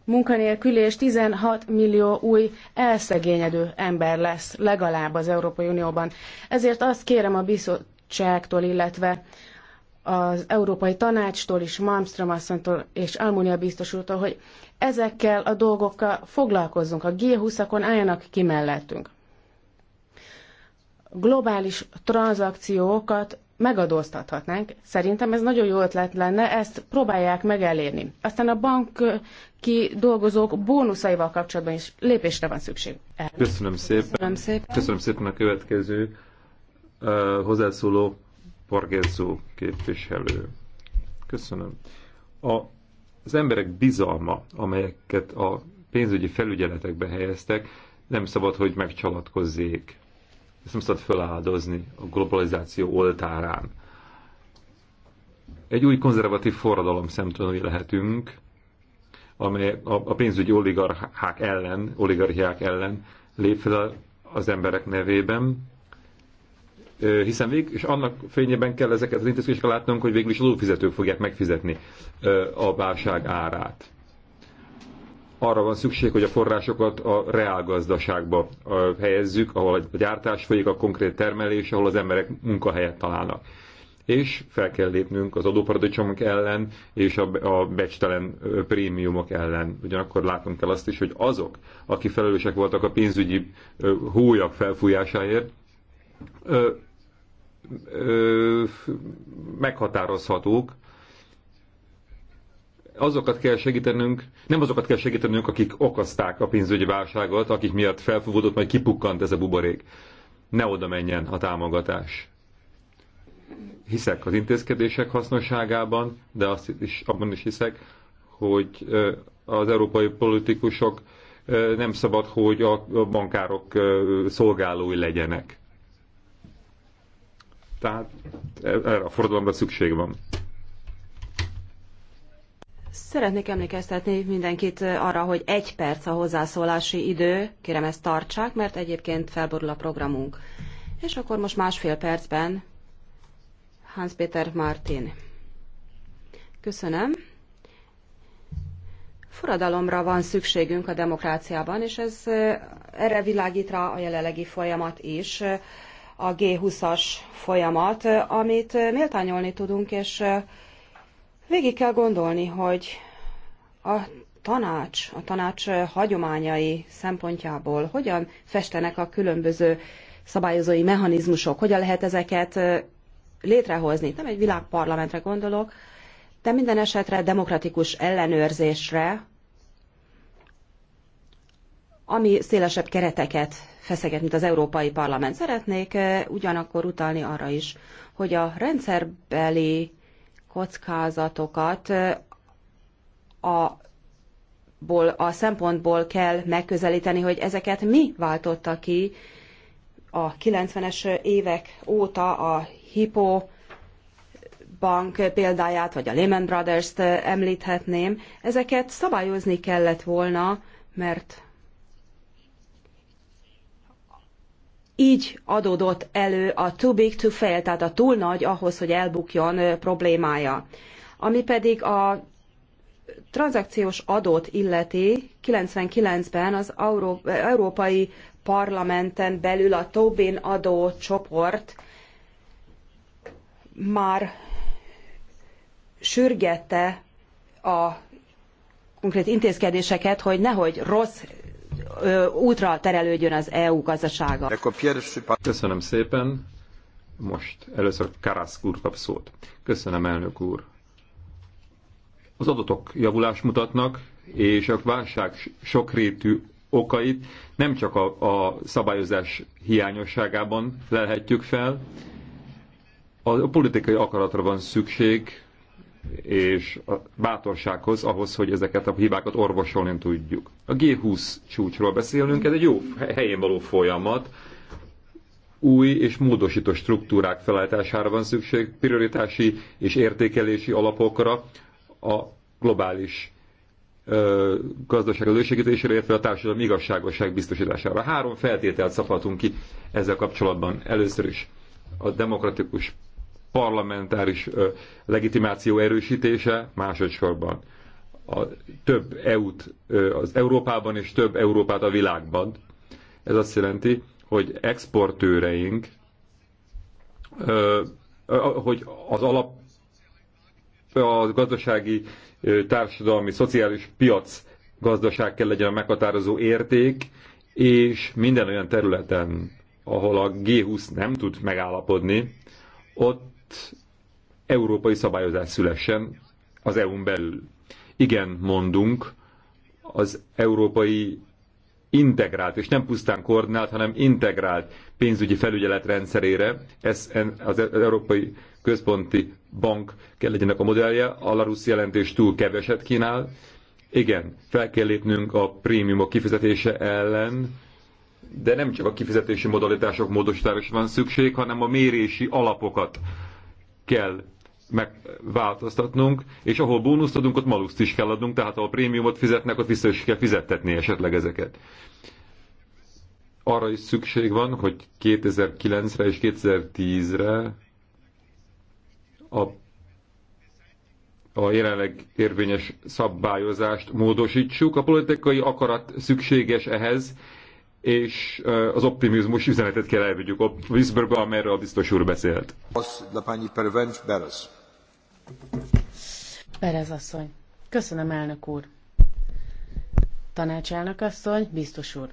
munkanélküli és 16 millió új elszegényedő ember lesz legalább az Európai Unióban. Ezért azt kérem a bizottságtól, illetve az Európai Tanácstól is, Malmström asszonytól és Almunia biztos úrtól, hogy ezekkel a dolgokkal foglalkozzunk, a G20-akon álljanak ki mellettünk. Globális tranzakciókat megadóztathatnánk. Szerintem ez nagyon jó ötlet lenne, ezt próbálják meg elérni. Aztán a banki dolgozók bónuszaival kapcsolatban is lépésre van szükség. El. Köszönöm szépen. Köszönöm szépen. Köszönöm szépen a következő uh, hozzászóló Pargezó képviselő. Köszönöm. A, az emberek bizalma, amelyeket a pénzügyi felügyeletekbe helyeztek, nem szabad, hogy megcsalatkozzék ezt nem szabad feláldozni a globalizáció oltárán. Egy új konzervatív forradalom szemtanúi lehetünk, amely a pénzügyi oligarchák ellen, oligarchiák ellen lép fel az emberek nevében, hiszen vég, és annak fényében kell ezeket az intézkedéseket látnunk, hogy végül is adófizetők fogják megfizetni a válság árát arra van szükség, hogy a forrásokat a reálgazdaságba helyezzük, ahol a gyártás folyik, a konkrét termelés, ahol az emberek munkahelyet találnak. És fel kell lépnünk az adóparadicsomok ellen és a, becstelen prémiumok ellen. Ugyanakkor látunk kell azt is, hogy azok, akik felelősek voltak a pénzügyi hólyak felfújásáért, meghatározhatók, azokat kell segítenünk, nem azokat kell segítenünk, akik okozták a pénzügyi válságot, akik miatt felfúvódott, majd kipukkant ez a buborék. Ne oda menjen a támogatás. Hiszek az intézkedések hasznosságában, de azt is, abban is hiszek, hogy az európai politikusok nem szabad, hogy a bankárok szolgálói legyenek. Tehát e-, erre a fordulomra szükség van. Szeretnék emlékeztetni mindenkit eh, arra, hogy egy perc a hozzászólási idő, kérem ezt tartsák, mert egyébként felborul a programunk. És akkor most másfél percben Hans-Peter Martin. Köszönöm. Forradalomra van szükségünk a demokráciában, és ez eh, erre világít rá a jelenlegi folyamat is, eh, a G20-as folyamat, amit méltányolni tudunk, és Végig kell gondolni, hogy a tanács, a tanács hagyományai szempontjából hogyan festenek a különböző szabályozói mechanizmusok, hogyan lehet ezeket létrehozni. Nem egy világparlamentre gondolok, de minden esetre demokratikus ellenőrzésre, ami szélesebb kereteket feszeget, mint az Európai Parlament. Szeretnék ugyanakkor utalni arra is, hogy a rendszerbeli kockázatokat a ból, a szempontból kell megközelíteni, hogy ezeket mi váltotta ki a 90-es évek óta a Hippo bank példáját, vagy a Lehman Brothers-t említhetném. Ezeket szabályozni kellett volna, mert így adódott elő a too big to fail, tehát a túl nagy ahhoz, hogy elbukjon problémája. Ami pedig a tranzakciós adót illeti, 99-ben az Euró- Európai Parlamenten belül a Tobin adó csoport már sürgette a konkrét intézkedéseket, hogy nehogy rossz útra terelődjön az EU gazdasága. Köszönöm szépen. Most először Karasz úr kap szót. Köszönöm, elnök úr. Az adatok javulást mutatnak, és a válság sokrétű okait nem csak a, a szabályozás hiányosságában lehetjük fel, a politikai akaratra van szükség, és a bátorsághoz ahhoz, hogy ezeket a hibákat orvosolni tudjuk. A G20 csúcsról beszélünk, ez egy jó helyén való folyamat, új és módosító struktúrák felállítására van szükség, prioritási és értékelési alapokra a globális ö, gazdaság elősegítésére, illetve a társadalom igazságosság biztosítására. Három feltételt szabhatunk ki ezzel kapcsolatban. Először is a demokratikus parlamentáris legitimáció erősítése másodszorban. A több EU-t az Európában és több Európát a világban. Ez azt jelenti, hogy exportőreink, hogy az alap a gazdasági, társadalmi, szociális piac gazdaság kell legyen a meghatározó érték, és minden olyan területen, ahol a G20 nem tud megállapodni, ott európai szabályozás szülessen az EU-n belül. Igen, mondunk, az európai integrált, és nem pusztán koordinált, hanem integrált pénzügyi felügyelet rendszerére. Ez e- az Európai Központi Bank kell legyenek a modellje, a Larusz jelentés túl keveset kínál. Igen, fel kell lépnünk a prémiumok kifizetése ellen, de nem csak a kifizetési modalitások módosítása van szükség, hanem a mérési alapokat kell megváltoztatnunk, és ahol bónuszt adunk, ott maluszt is kell adnunk, tehát ahol prémiumot fizetnek, ott vissza is kell fizettetni esetleg ezeket. Arra is szükség van, hogy 2009-re és 2010-re a, a jelenleg érvényes szabályozást módosítsuk. A politikai akarat szükséges ehhez, és az optimizmus üzenetet kell elvigyük Wiesbergbe, amelyről a biztos úr beszélt. Perez asszony. Köszönöm, elnök úr. Tanácselnök asszony, biztos úr.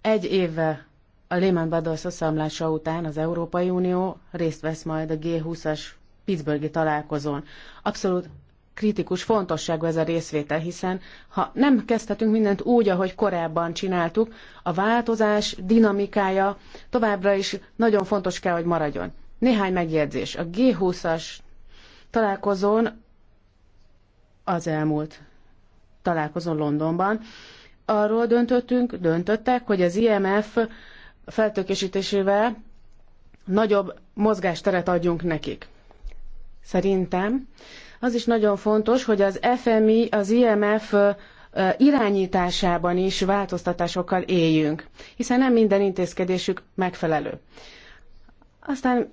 Egy évvel a Lehman Brothers összeomlása után az Európai Unió részt vesz majd a G20-as Pittsburghi találkozón. Abszolút kritikus fontosságú ez a részvétel, hiszen ha nem kezdhetünk mindent úgy, ahogy korábban csináltuk, a változás dinamikája továbbra is nagyon fontos kell, hogy maradjon. Néhány megjegyzés. A G20-as találkozón az elmúlt találkozón Londonban arról döntöttünk, döntöttek, hogy az IMF feltökésítésével nagyobb mozgásteret adjunk nekik. Szerintem az is nagyon fontos, hogy az FMI, az IMF irányításában is változtatásokkal éljünk, hiszen nem minden intézkedésük megfelelő. Aztán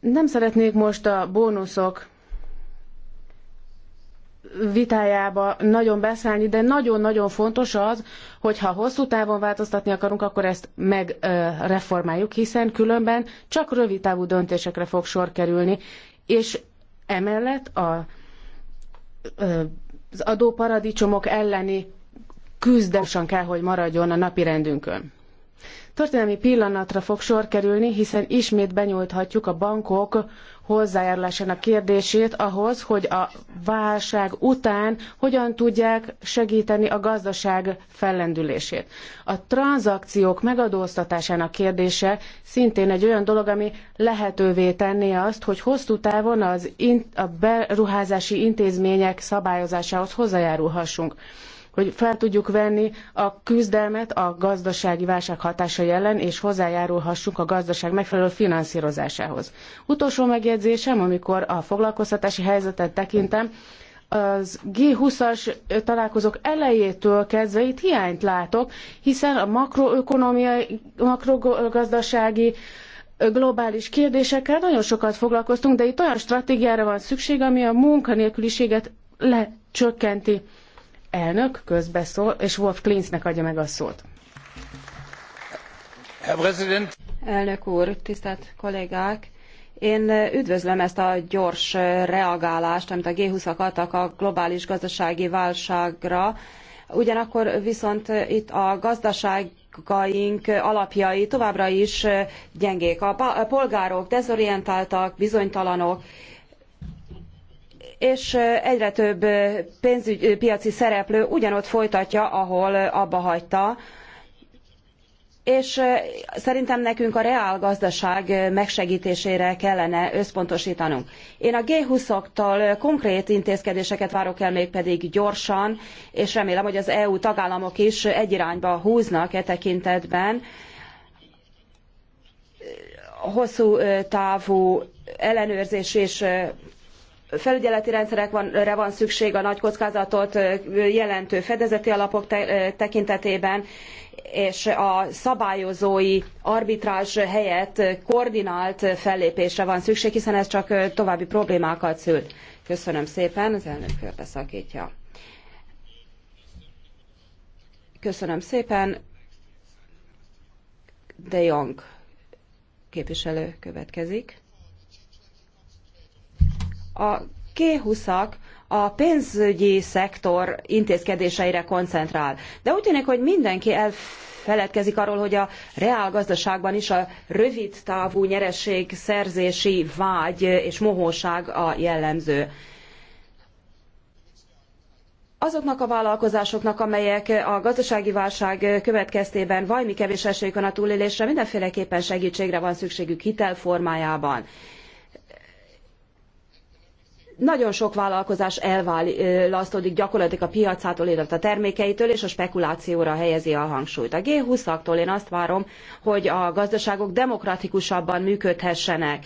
nem szeretnék most a bónuszok vitájába nagyon beszállni, de nagyon-nagyon fontos az, hogy ha hosszú távon változtatni akarunk, akkor ezt megreformáljuk, hiszen különben csak rövid távú döntésekre fog sor kerülni, és Emellett a, az adóparadicsomok elleni küzdelsen kell, hogy maradjon a napirendünkön. Történelmi pillanatra fog sor kerülni, hiszen ismét benyújthatjuk a bankok hozzájárulásának kérdését ahhoz, hogy a válság után hogyan tudják segíteni a gazdaság fellendülését. A tranzakciók megadóztatásának kérdése szintén egy olyan dolog, ami lehetővé tenné azt, hogy hosszú távon az a beruházási intézmények szabályozásához hozzájárulhassunk hogy fel tudjuk venni a küzdelmet a gazdasági válság hatásai ellen, és hozzájárulhassunk a gazdaság megfelelő finanszírozásához. Utolsó megjegyzésem, amikor a foglalkoztatási helyzetet tekintem, az G20-as találkozók elejétől kezdve itt hiányt látok, hiszen a makroökonomiai, makrogazdasági globális kérdésekkel nagyon sokat foglalkoztunk, de itt olyan stratégiára van szükség, ami a munkanélküliséget lecsökkenti. Elnök közbeszól, és Wolf Klinznek adja meg a szót. Elnök úr, tisztelt kollégák! Én üdvözlöm ezt a gyors reagálást, amit a G20-ak adtak a globális gazdasági válságra. Ugyanakkor viszont itt a gazdaságaink alapjai továbbra is gyengék. A polgárok dezorientáltak, bizonytalanok, és egyre több pénzügypiaci szereplő ugyanott folytatja, ahol abba hagyta, és szerintem nekünk a reálgazdaság megsegítésére kellene összpontosítanunk. Én a G20-októl konkrét intézkedéseket várok el mégpedig gyorsan, és remélem, hogy az EU tagállamok is egy irányba húznak e tekintetben. Hosszú távú ellenőrzés és felügyeleti rendszerekre van szükség a nagy kockázatot jelentő fedezeti alapok tekintetében, és a szabályozói arbitrázs helyett koordinált fellépésre van szükség, hiszen ez csak további problémákat szül. Köszönöm szépen, az elnök beszakítja. Köszönöm szépen. De Jong képviselő következik. A g ak a pénzügyi szektor intézkedéseire koncentrál. De úgy tűnik, hogy mindenki elfeledkezik arról, hogy a reálgazdaságban is a rövid távú nyereség szerzési vágy és mohóság a jellemző. Azoknak a vállalkozásoknak, amelyek a gazdasági válság következtében vajmi kevés esélyük van a túlélésre, mindenféleképpen segítségre van szükségük hitel formájában nagyon sok vállalkozás elválasztódik gyakorlatilag a piacától, illetve a termékeitől, és a spekulációra helyezi a hangsúlyt. A G20-aktól én azt várom, hogy a gazdaságok demokratikusabban működhessenek.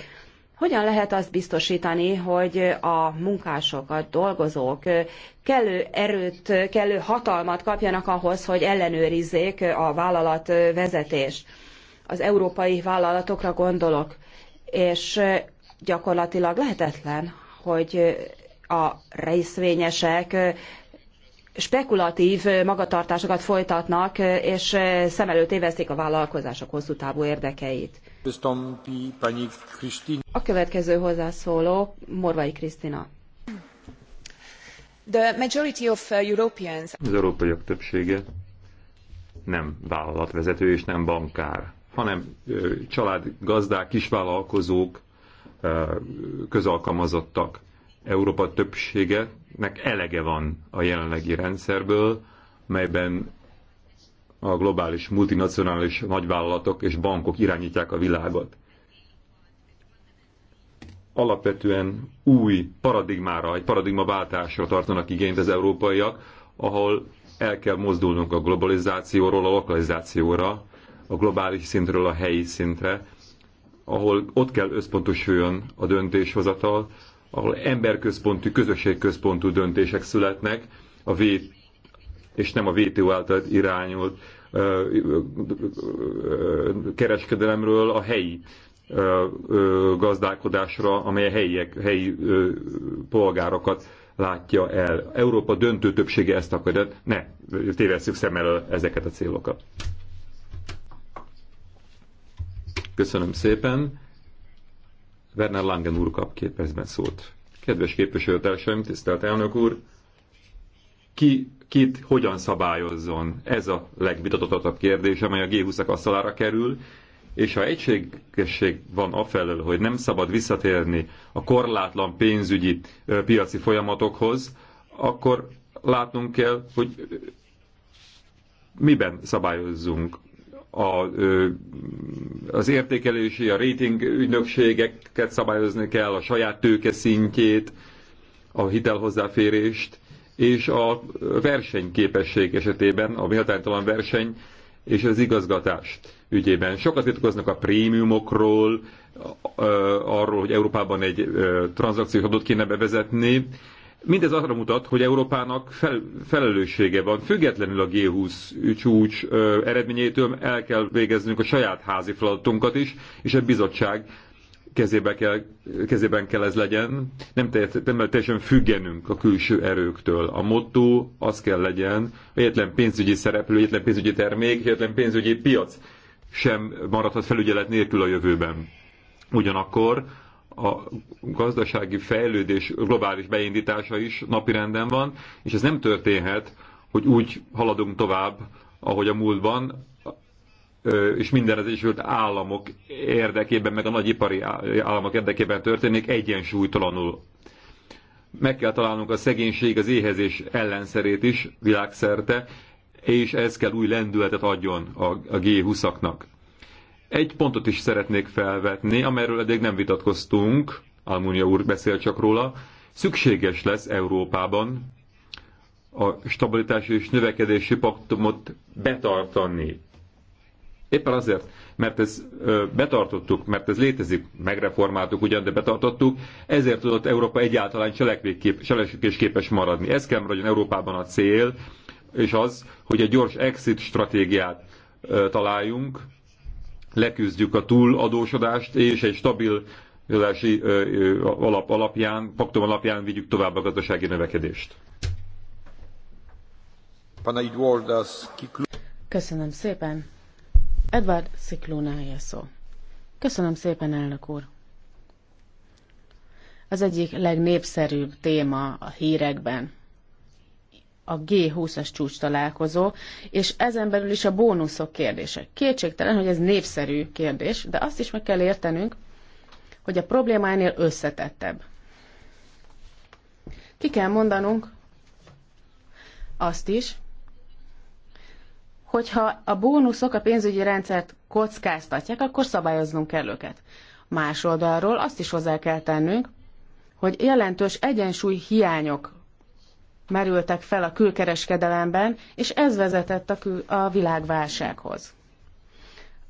Hogyan lehet azt biztosítani, hogy a munkások, a dolgozók kellő erőt, kellő hatalmat kapjanak ahhoz, hogy ellenőrizzék a vállalat vezetést? Az európai vállalatokra gondolok, és gyakorlatilag lehetetlen, hogy a részvényesek spekulatív magatartásokat folytatnak, és szem előtt évezték a vállalkozások hosszú távú érdekeit. A következő hozzászóló Morvai Krisztina. The majority of uh, Europeans... Az európaiak többsége nem vállalatvezető és nem bankár, hanem családgazdák, kisvállalkozók, közalkalmazottak. Európa többségenek elege van a jelenlegi rendszerből, melyben a globális multinacionális nagyvállalatok és bankok irányítják a világot. Alapvetően új paradigmára, egy paradigmaváltásra tartanak igényt az európaiak, ahol el kell mozdulnunk a globalizációról a lokalizációra, a globális szintről a helyi szintre, ahol ott kell összpontosuljon a döntéshozatal, ahol emberközpontú, közösségközpontú döntések születnek, a v, és nem a VTO által irányult ö, ö, ö, kereskedelemről a helyi gazdálkodásra, amely a helyiek, helyi polgárokat látja el. Európa döntő többsége ezt akarja, ne tévesszük szem elől ezeket a célokat. Köszönöm szépen. Werner Langen úr kap két percben szót. Kedves képviselőtársaim, tisztelt elnök úr! Ki, kit hogyan szabályozzon? Ez a legvitatottabb kérdés, amely a G20-ak asztalára kerül, és ha egységesség van afelől, hogy nem szabad visszatérni a korlátlan pénzügyi piaci folyamatokhoz, akkor látnunk kell, hogy miben szabályozzunk a, az értékelési, a rating ügynökségeket szabályozni kell, a saját tőke szintjét, a hitelhozzáférést, és a versenyképesség esetében, a méltánytalan verseny és az igazgatás ügyében. Sokat vitatkoznak a prémiumokról, arról, hogy Európában egy tranzakciós adót kéne bevezetni, Mindez arra mutat, hogy Európának fel, felelőssége van. Függetlenül a G20 csúcs ö, eredményétől el kell végeznünk a saját házi feladatunkat is, és a bizottság kezébe kell, kezében kell ez legyen. Nem, teljesen, nem teljesen függenünk a külső erőktől. A motto az kell legyen, egyetlen pénzügyi szereplő, egyetlen pénzügyi termék, egyetlen pénzügyi piac sem maradhat felügyelet nélkül a jövőben. Ugyanakkor a gazdasági fejlődés globális beindítása is napirenden van, és ez nem történhet, hogy úgy haladunk tovább, ahogy a múltban, és minden az Egyesült Államok érdekében, meg a nagyipari államok érdekében történik egyensúlytalanul. Meg kell találnunk a szegénység, az éhezés ellenszerét is világszerte, és ez kell új lendületet adjon a G20-aknak. Egy pontot is szeretnék felvetni, amelyről eddig nem vitatkoztunk, Almunia úr beszél csak róla. Szükséges lesz Európában a stabilitási és növekedési paktumot betartani. Éppen azért, mert ez betartottuk, mert ez létezik, megreformáltuk ugyan, de betartottuk, ezért tudott Európa egyáltalán képes maradni. Ez kell maradjon Európában a cél, és az, hogy egy gyors exit stratégiát találjunk, leküzdjük a túladósodást, és egy stabil alap alapján, paktum alapján vigyük tovább a gazdasági növekedést. Köszönöm szépen. Edward Sziklónája szó. Köszönöm szépen, elnök úr. Az egyik legnépszerűbb téma a hírekben, a G20-as csúcs találkozó, és ezen belül is a bónuszok kérdése. Kétségtelen, hogy ez népszerű kérdés, de azt is meg kell értenünk, hogy a probléma ennél összetettebb. Ki kell mondanunk azt is, hogyha a bónuszok a pénzügyi rendszert kockáztatják, akkor szabályoznunk kell őket. Más oldalról azt is hozzá kell tennünk, hogy jelentős egyensúly hiányok merültek fel a külkereskedelemben, és ez vezetett a, kül- a világválsághoz.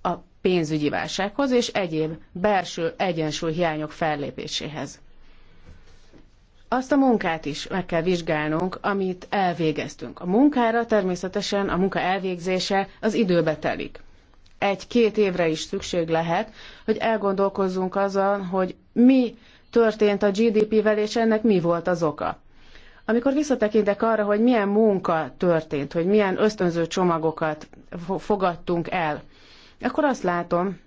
A pénzügyi válsághoz és egyéb belső hiányok fellépéséhez. Azt a munkát is meg kell vizsgálnunk, amit elvégeztünk. A munkára természetesen a munka elvégzése az időbe telik. Egy-két évre is szükség lehet, hogy elgondolkozzunk azon, hogy mi történt a GDP-vel, és ennek mi volt az oka. Amikor visszatekintek arra, hogy milyen munka történt, hogy milyen ösztönző csomagokat fogadtunk el, akkor azt látom,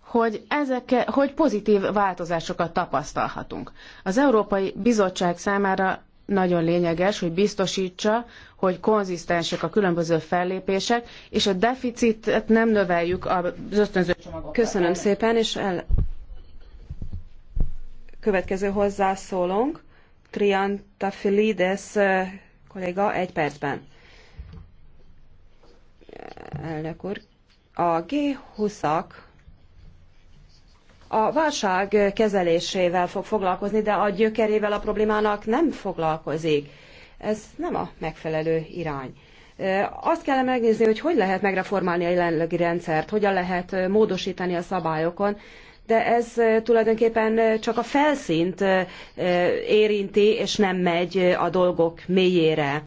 hogy, ezek, hogy pozitív változásokat tapasztalhatunk. Az Európai Bizottság számára nagyon lényeges, hogy biztosítsa, hogy konzisztensek a különböző fellépések, és a deficitet nem növeljük az ösztönző csomagokkal. Köszönöm szépen, és el, következő hozzászólónk, Trianta Filides kolléga, egy percben. Elnök úr, a G20-ak a válság kezelésével fog foglalkozni, de a gyökerével a problémának nem foglalkozik. Ez nem a megfelelő irány. Azt kell megnézni, hogy hogy lehet megreformálni a jelenlegi rendszert, hogyan lehet módosítani a szabályokon, de ez tulajdonképpen csak a felszínt érinti, és nem megy a dolgok mélyére.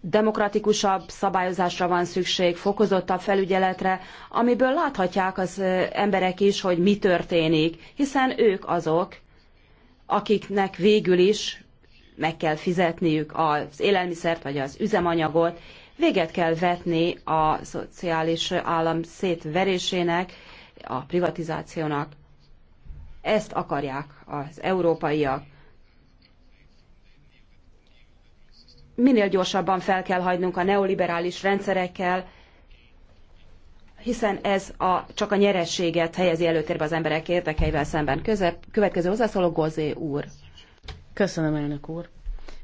Demokratikusabb szabályozásra van szükség, fokozottabb felügyeletre, amiből láthatják az emberek is, hogy mi történik, hiszen ők azok, akiknek végül is meg kell fizetniük az élelmiszert vagy az üzemanyagot, Véget kell vetni a szociális állam szétverésének, a privatizációnak. Ezt akarják az európaiak. Minél gyorsabban fel kell hagynunk a neoliberális rendszerekkel, hiszen ez a, csak a nyerességet helyezi előtérbe az emberek érdekeivel szemben. Közep, következő hozzászóló Gozé úr. Köszönöm, elnök úr.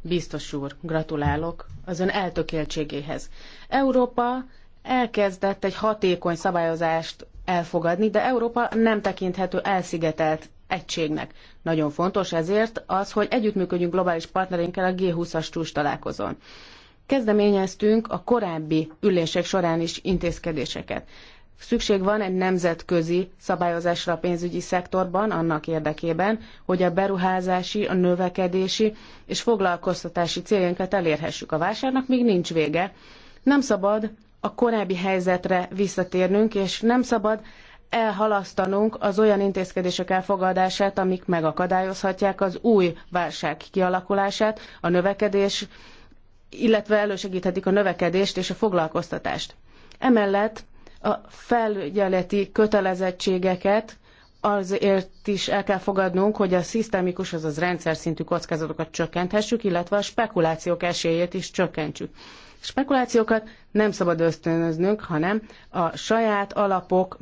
Biztos úr, gratulálok az ön eltökéltségéhez. Európa elkezdett egy hatékony szabályozást elfogadni, de Európa nem tekinthető elszigetelt egységnek. Nagyon fontos ezért az, hogy együttműködjünk globális partnerinkkel a G20-as csúcs találkozón. Kezdeményeztünk a korábbi ülések során is intézkedéseket. Szükség van egy nemzetközi szabályozásra a pénzügyi szektorban annak érdekében, hogy a beruházási, a növekedési és foglalkoztatási céljainkat elérhessük. A vásárnak még nincs vége. Nem szabad a korábbi helyzetre visszatérnünk, és nem szabad elhalasztanunk az olyan intézkedések elfogadását, amik megakadályozhatják az új válság kialakulását, a növekedés, illetve elősegíthetik a növekedést és a foglalkoztatást. Emellett a felügyeleti kötelezettségeket azért is el kell fogadnunk, hogy a szisztemikus, azaz rendszer szintű kockázatokat csökkenthessük, illetve a spekulációk esélyét is csökkentsük. Spekulációkat nem szabad ösztönöznünk, hanem a saját alapok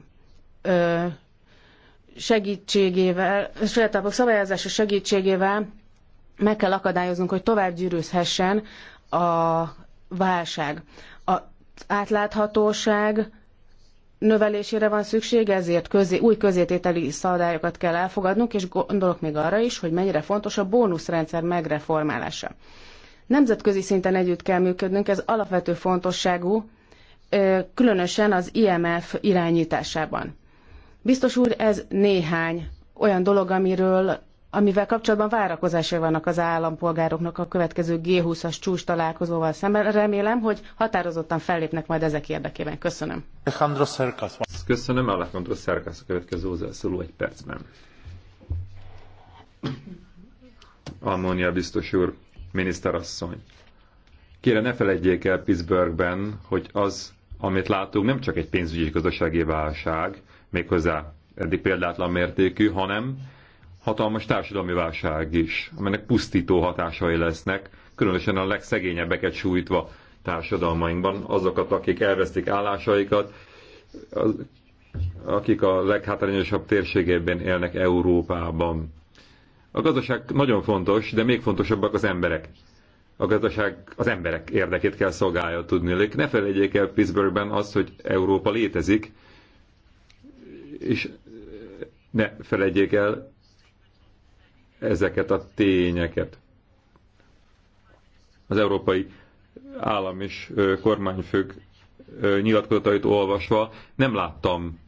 ö, segítségével, saját alapok szabályozása segítségével meg kell akadályoznunk, hogy tovább gyűrűzhessen a válság. Az átláthatóság, növelésére van szükség, ezért közé, új közétételi szabályokat kell elfogadnunk, és gondolok még arra is, hogy mennyire fontos a bónuszrendszer megreformálása. Nemzetközi szinten együtt kell működnünk, ez alapvető fontosságú, különösen az IMF irányításában. Biztos úr, ez néhány olyan dolog, amiről amivel kapcsolatban várakozásai vannak az állampolgároknak a következő G20-as csúcs találkozóval szemben. Remélem, hogy határozottan fellépnek majd ezek érdekében. Köszönöm. Alejandro Szerkasz. Köszönöm, Alejandro Szerkasz a következő hozzászóló egy percben. Almónia biztos úr, miniszterasszony. Kérem, ne felejtjék el Pittsburghben, hogy az, amit látunk, nem csak egy pénzügyi gazdasági válság, méghozzá eddig példátlan mértékű, hanem hatalmas társadalmi válság is, amelynek pusztító hatásai lesznek, különösen a legszegényebbeket sújtva társadalmainkban, azokat, akik elvesztik állásaikat, az, akik a leghátrányosabb térségében élnek Európában. A gazdaság nagyon fontos, de még fontosabbak az emberek. A gazdaság az emberek érdekét kell szolgálja tudni. Ne felejtjék el Pittsburghben azt, hogy Európa létezik, és ne felejtjék el, ezeket a tényeket. Az európai állam és kormányfők nyilatkozatait olvasva nem láttam,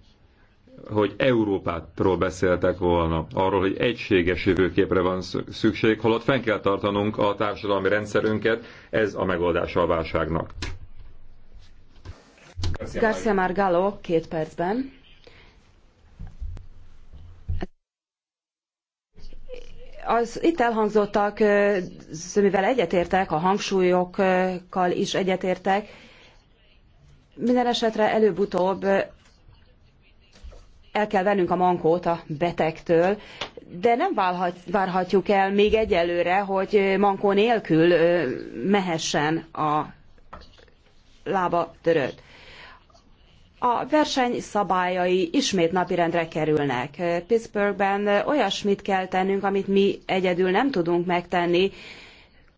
hogy Európátról beszéltek volna, arról, hogy egységes jövőképre van szükség, holott fenn kell tartanunk a társadalmi rendszerünket, ez a megoldása a válságnak. Garcia Margallo, két percben. Az itt elhangzottak, szemivel egyetértek, a hangsúlyokkal is egyetértek, minden esetre előbb-utóbb el kell vennünk a mankót a betegtől, de nem válhat, várhatjuk el még egyelőre, hogy mankó nélkül mehessen a lába törött a verseny szabályai ismét napirendre kerülnek. Pittsburghben olyasmit kell tennünk, amit mi egyedül nem tudunk megtenni.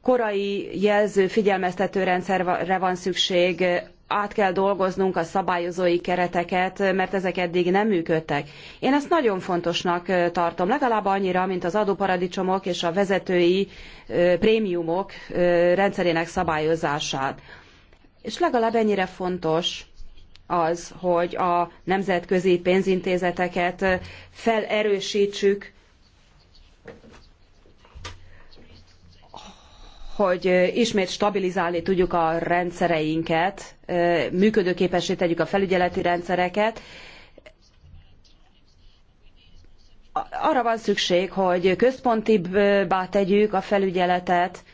Korai jelző figyelmeztető rendszerre van szükség, át kell dolgoznunk a szabályozói kereteket, mert ezek eddig nem működtek. Én ezt nagyon fontosnak tartom, legalább annyira, mint az adóparadicsomok és a vezetői prémiumok rendszerének szabályozását. És legalább ennyire fontos, az, hogy a nemzetközi pénzintézeteket felerősítsük, hogy ismét stabilizálni tudjuk a rendszereinket, működőképessé tegyük a felügyeleti rendszereket. Arra van szükség, hogy központibbá tegyük a felügyeletet.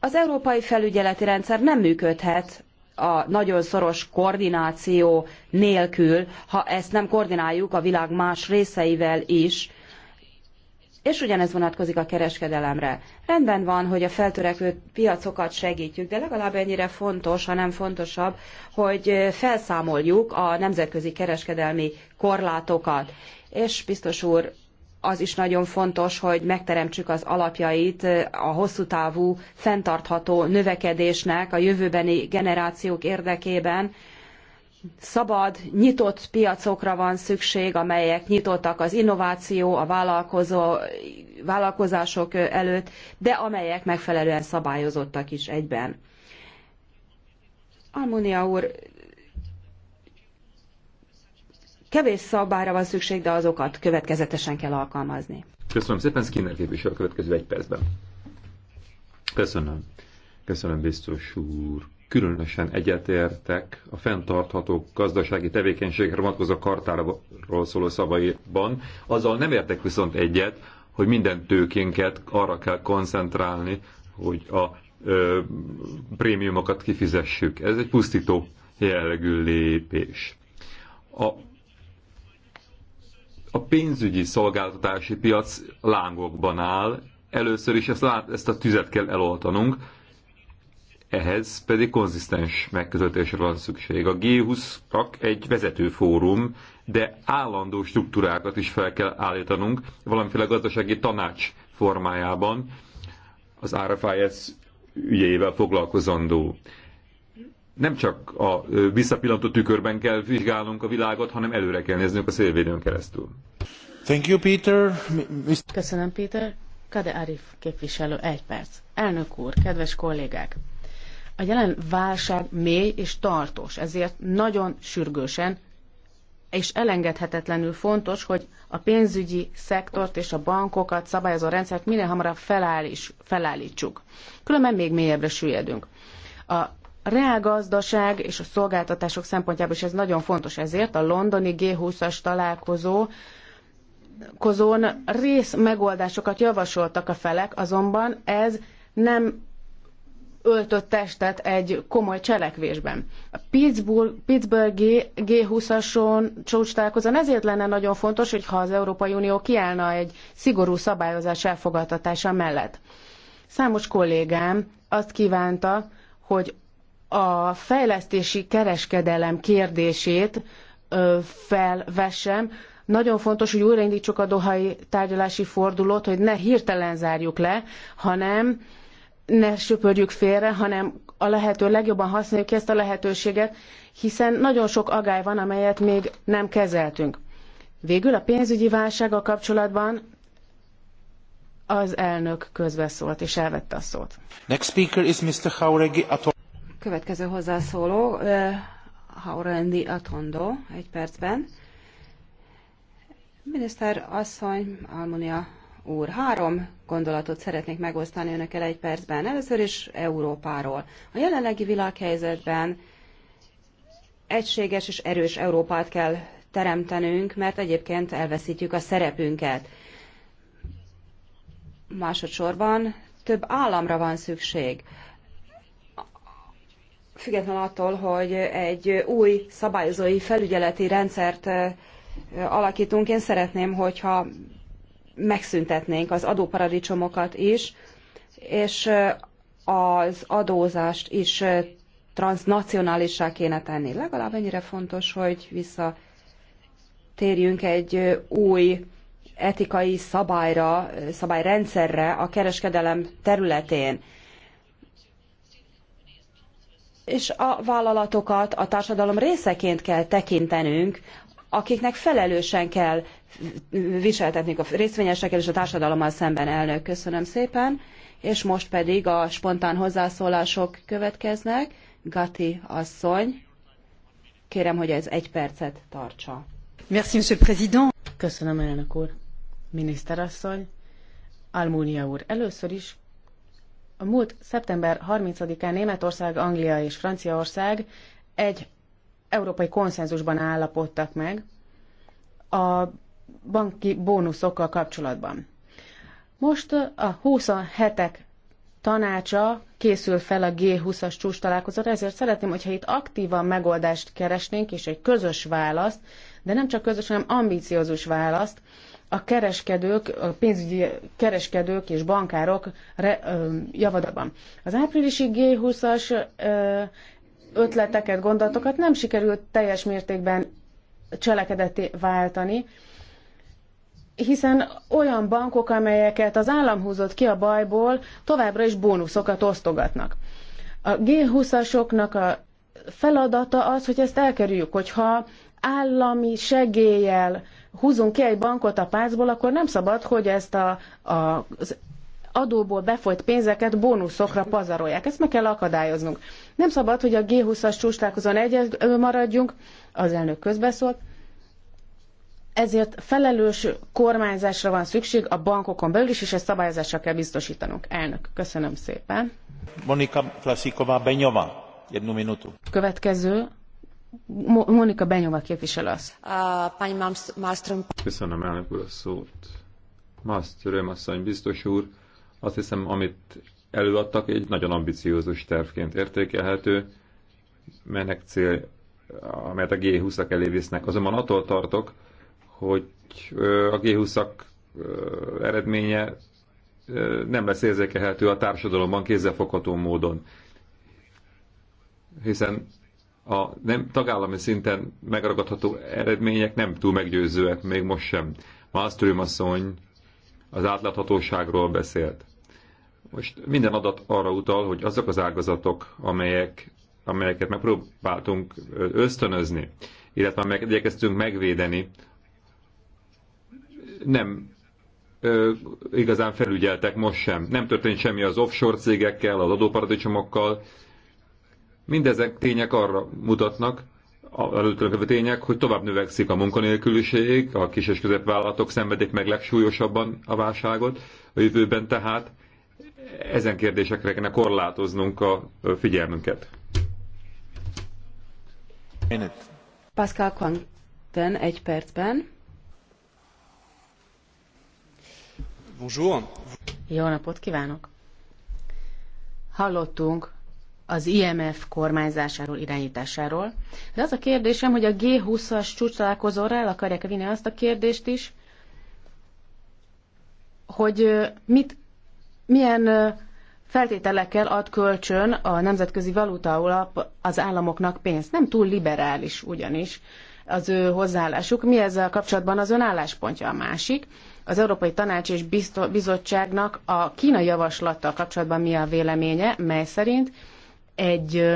Az európai felügyeleti rendszer nem működhet a nagyon szoros koordináció nélkül, ha ezt nem koordináljuk a világ más részeivel is, és ugyanez vonatkozik a kereskedelemre. Rendben van, hogy a feltörekvő piacokat segítjük, de legalább ennyire fontos, ha nem fontosabb, hogy felszámoljuk a nemzetközi kereskedelmi korlátokat. És biztos úr, az is nagyon fontos, hogy megteremtsük az alapjait a hosszú távú, fenntartható növekedésnek a jövőbeni generációk érdekében. Szabad, nyitott piacokra van szükség, amelyek nyitottak az innováció, a vállalkozó, vállalkozások előtt, de amelyek megfelelően szabályozottak is egyben. Almunia úr Kevés szabályra van szükség, de azokat következetesen kell alkalmazni. Köszönöm szépen, Skinner képviselő a következő egy percben. Köszönöm. Köszönöm, biztos úr. Különösen egyetértek a fenntartható gazdasági tevékenységre vonatkozó kartáról szóló szavaiban. Azzal nem értek viszont egyet, hogy minden tőkénket arra kell koncentrálni, hogy a ö, prémiumokat kifizessük. Ez egy pusztító jellegű lépés. A a pénzügyi szolgáltatási piac lángokban áll. Először is ezt, ezt a tüzet kell eloltanunk, ehhez pedig konzisztens megközelítésre van szükség. A G20-ak egy vezető fórum, de állandó struktúrákat is fel kell állítanunk, valamiféle gazdasági tanács formájában az RFIS ügyeivel foglalkozandó nem csak a visszapillantó tükörben kell vizsgálnunk a világot, hanem előre kell néznünk a szélvédőn keresztül. Thank you, Peter. Köszönöm, Peter. Kade Arif képviselő, egy perc. Elnök úr, kedves kollégák! A jelen válság mély és tartós, ezért nagyon sürgősen és elengedhetetlenül fontos, hogy a pénzügyi szektort és a bankokat szabályozó rendszert minél hamarabb felállíts, felállítsuk. Különben még mélyebbre süllyedünk. A reálgazdaság és a szolgáltatások szempontjából is ez nagyon fontos. Ezért a londoni G20-as találkozó kozón rész megoldásokat javasoltak a felek, azonban ez nem öltött testet egy komoly cselekvésben. A Pittsburgh, Pittsburgh G20-ason csúcstalálkozón ezért lenne nagyon fontos, hogy az Európai Unió kiállna egy szigorú szabályozás elfogadtatása mellett. Számos kollégám azt kívánta, hogy a fejlesztési kereskedelem kérdését felvessem. Nagyon fontos, hogy újraindítsuk a dohai tárgyalási fordulót, hogy ne hirtelen zárjuk le, hanem ne söpörjük félre, hanem a lehető legjobban használjuk ezt a lehetőséget, hiszen nagyon sok agály van, amelyet még nem kezeltünk. Végül a pénzügyi a kapcsolatban az elnök közbeszólt és elvette a szót. Next speaker is Mr. Hauregi Következő hozzászóló, Haurendi Atondo, egy percben. Miniszter asszony, Almunia úr, három gondolatot szeretnék megosztani önökkel egy percben. Először is Európáról. A jelenlegi világhelyzetben egységes és erős Európát kell teremtenünk, mert egyébként elveszítjük a szerepünket. Másodszorban több államra van szükség független attól, hogy egy új szabályozói felügyeleti rendszert alakítunk, én szeretném, hogyha megszüntetnénk az adóparadicsomokat is, és az adózást is transnacionálissá kéne tenni. Legalább ennyire fontos, hogy visszatérjünk egy új etikai szabályra, szabályrendszerre a kereskedelem területén és a vállalatokat a társadalom részeként kell tekintenünk, akiknek felelősen kell viseltetniük a részvényesekkel és a társadalommal szemben elnök. Köszönöm szépen. És most pedig a spontán hozzászólások következnek. Gati asszony, kérem, hogy ez egy percet tartsa. Merci, monsieur le président. Köszönöm, elnök úr. asszony, Almúnia úr, először is a múlt szeptember 30-án Németország, Anglia és Franciaország egy európai konszenzusban állapodtak meg a banki bónuszokkal kapcsolatban. Most a 27-ek tanácsa készül fel a G20-as csúcs találkozóra, ezért szeretném, hogyha itt aktívan megoldást keresnénk, és egy közös választ, de nem csak közös, hanem ambíciózus választ, a kereskedők, a pénzügyi kereskedők és bankárok re, ö, Az áprilisi G20-as ötleteket, gondolatokat nem sikerült teljes mértékben cselekedeté váltani, hiszen olyan bankok, amelyeket az állam húzott ki a bajból, továbbra is bónuszokat osztogatnak. A G20-asoknak a feladata az, hogy ezt elkerüljük, hogyha állami segéllyel, húzunk ki egy bankot a pácból, akkor nem szabad, hogy ezt a, a, az adóból befolyt pénzeket bónuszokra pazarolják. Ezt meg kell akadályoznunk. Nem szabad, hogy a G20-as csústálkozón egyedül maradjunk, az elnök közbeszólt, ezért felelős kormányzásra van szükség a bankokon belül is, és ezt szabályozásra kell biztosítanunk. Elnök, köszönöm szépen. Monika Klasikova Benyova, egy minutu. Következő Monika Benyova képviselő az. Pani Malmström. Köszönöm elnök úr a szót. Malmström asszony, biztos úr, azt hiszem, amit előadtak, egy nagyon ambiciózus tervként értékelhető, melynek cél, amelyet a G20-ak elé visznek. Azonban attól tartok, hogy a G20-ak eredménye nem lesz érzékelhető a társadalomban kézzelfogható módon. Hiszen a nem, tagállami szinten megragadható eredmények nem túl meggyőzőek, még most sem. Malmström asszony az átláthatóságról beszélt. Most minden adat arra utal, hogy azok az ágazatok, amelyek, amelyeket megpróbáltunk ösztönözni, illetve amelyeket igyekeztünk megvédeni, nem ö, igazán felügyeltek most sem. Nem történt semmi az offshore cégekkel, az adóparadicsomokkal, Mindezek tények arra mutatnak, előttelekövő tények, hogy tovább növekszik a munkanélküliség, a kis és középvállalatok szenvedik meg legsúlyosabban a válságot, a jövőben tehát ezen kérdésekre kellene korlátoznunk a figyelmünket. Pascal Quanten egy percben. Bonjour. Jó napot kívánok! Hallottunk az IMF kormányzásáról, irányításáról. De az a kérdésem, hogy a G20-as csúcs találkozóra el akarják vinni azt a kérdést is, hogy mit, milyen feltételekkel ad kölcsön a nemzetközi valuta alap az államoknak pénzt. Nem túl liberális ugyanis az ő hozzáállásuk. Mi ezzel kapcsolatban az ön álláspontja a másik? Az Európai Tanács és Bizottságnak a Kína javaslattal kapcsolatban mi a véleménye, mely szerint egy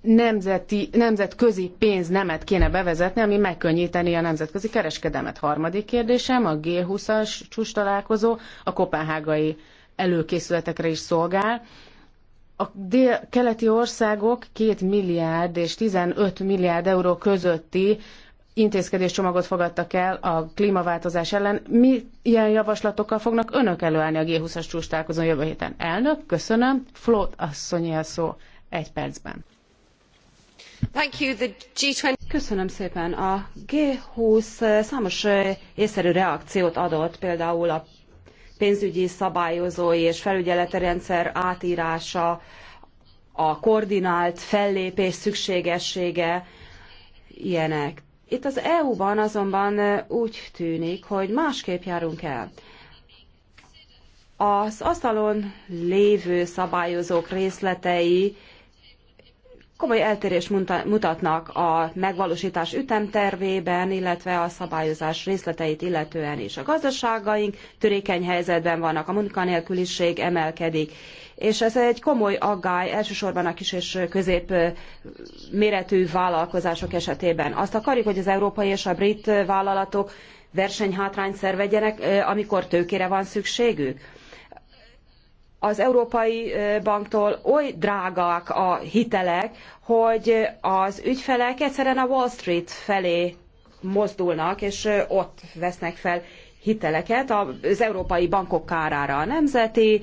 nemzeti, nemzetközi pénznemet kéne bevezetni, ami megkönnyíteni a nemzetközi kereskedelmet. Harmadik kérdésem, a G20-as csúcs találkozó a kopenhágai előkészületekre is szolgál. A dél-keleti országok 2 milliárd és 15 milliárd euró közötti intézkedéscsomagot fogadtak el a klímaváltozás ellen. Mi ilyen javaslatokkal fognak önök előállni a G20-as csúcs találkozón jövő héten? Elnök, köszönöm. Flót asszony a szó egy percben. Köszönöm szépen. A G20 számos észszerű reakciót adott, például a pénzügyi szabályozói és felügyeleti rendszer átírása, a koordinált fellépés szükségessége, ilyenek. Itt az EU-ban azonban úgy tűnik, hogy másképp járunk el. Az asztalon lévő szabályozók részletei komoly eltérés mutatnak a megvalósítás ütemtervében, illetve a szabályozás részleteit illetően is. A gazdaságaink törékeny helyzetben vannak, a munkanélküliség emelkedik, és ez egy komoly aggály elsősorban a kis és közép méretű vállalkozások esetében. Azt akarjuk, hogy az európai és a brit vállalatok versenyhátrányt szervegyenek, amikor tőkére van szükségük. Az Európai Banktól oly drágák a hitelek, hogy az ügyfelek egyszerűen a Wall Street felé mozdulnak, és ott vesznek fel hiteleket az európai bankok kárára. A nemzeti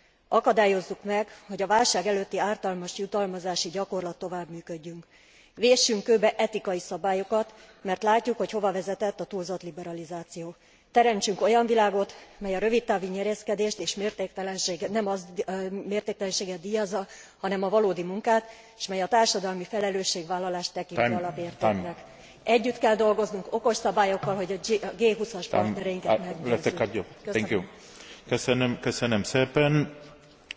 akadályozzuk meg hogy a válság előtti ártalmas jutalmazási gyakorlat tovább működjön. vessünk kőbe etikai szabályokat mert látjuk hogy hova vezetett a túlzott liberalizáció. teremtsünk olyan világot mely a rövidtávú nyerészkedést és nem a mértéktelenséget djazza hanem a valódi munkát s mely a társadalmi felelősségvállalást tekinti alapértéknek. együtt kell dolgoznunk okos szabályokkal hogy a g twenty as partnereinket meggyőzzük. köszönöm.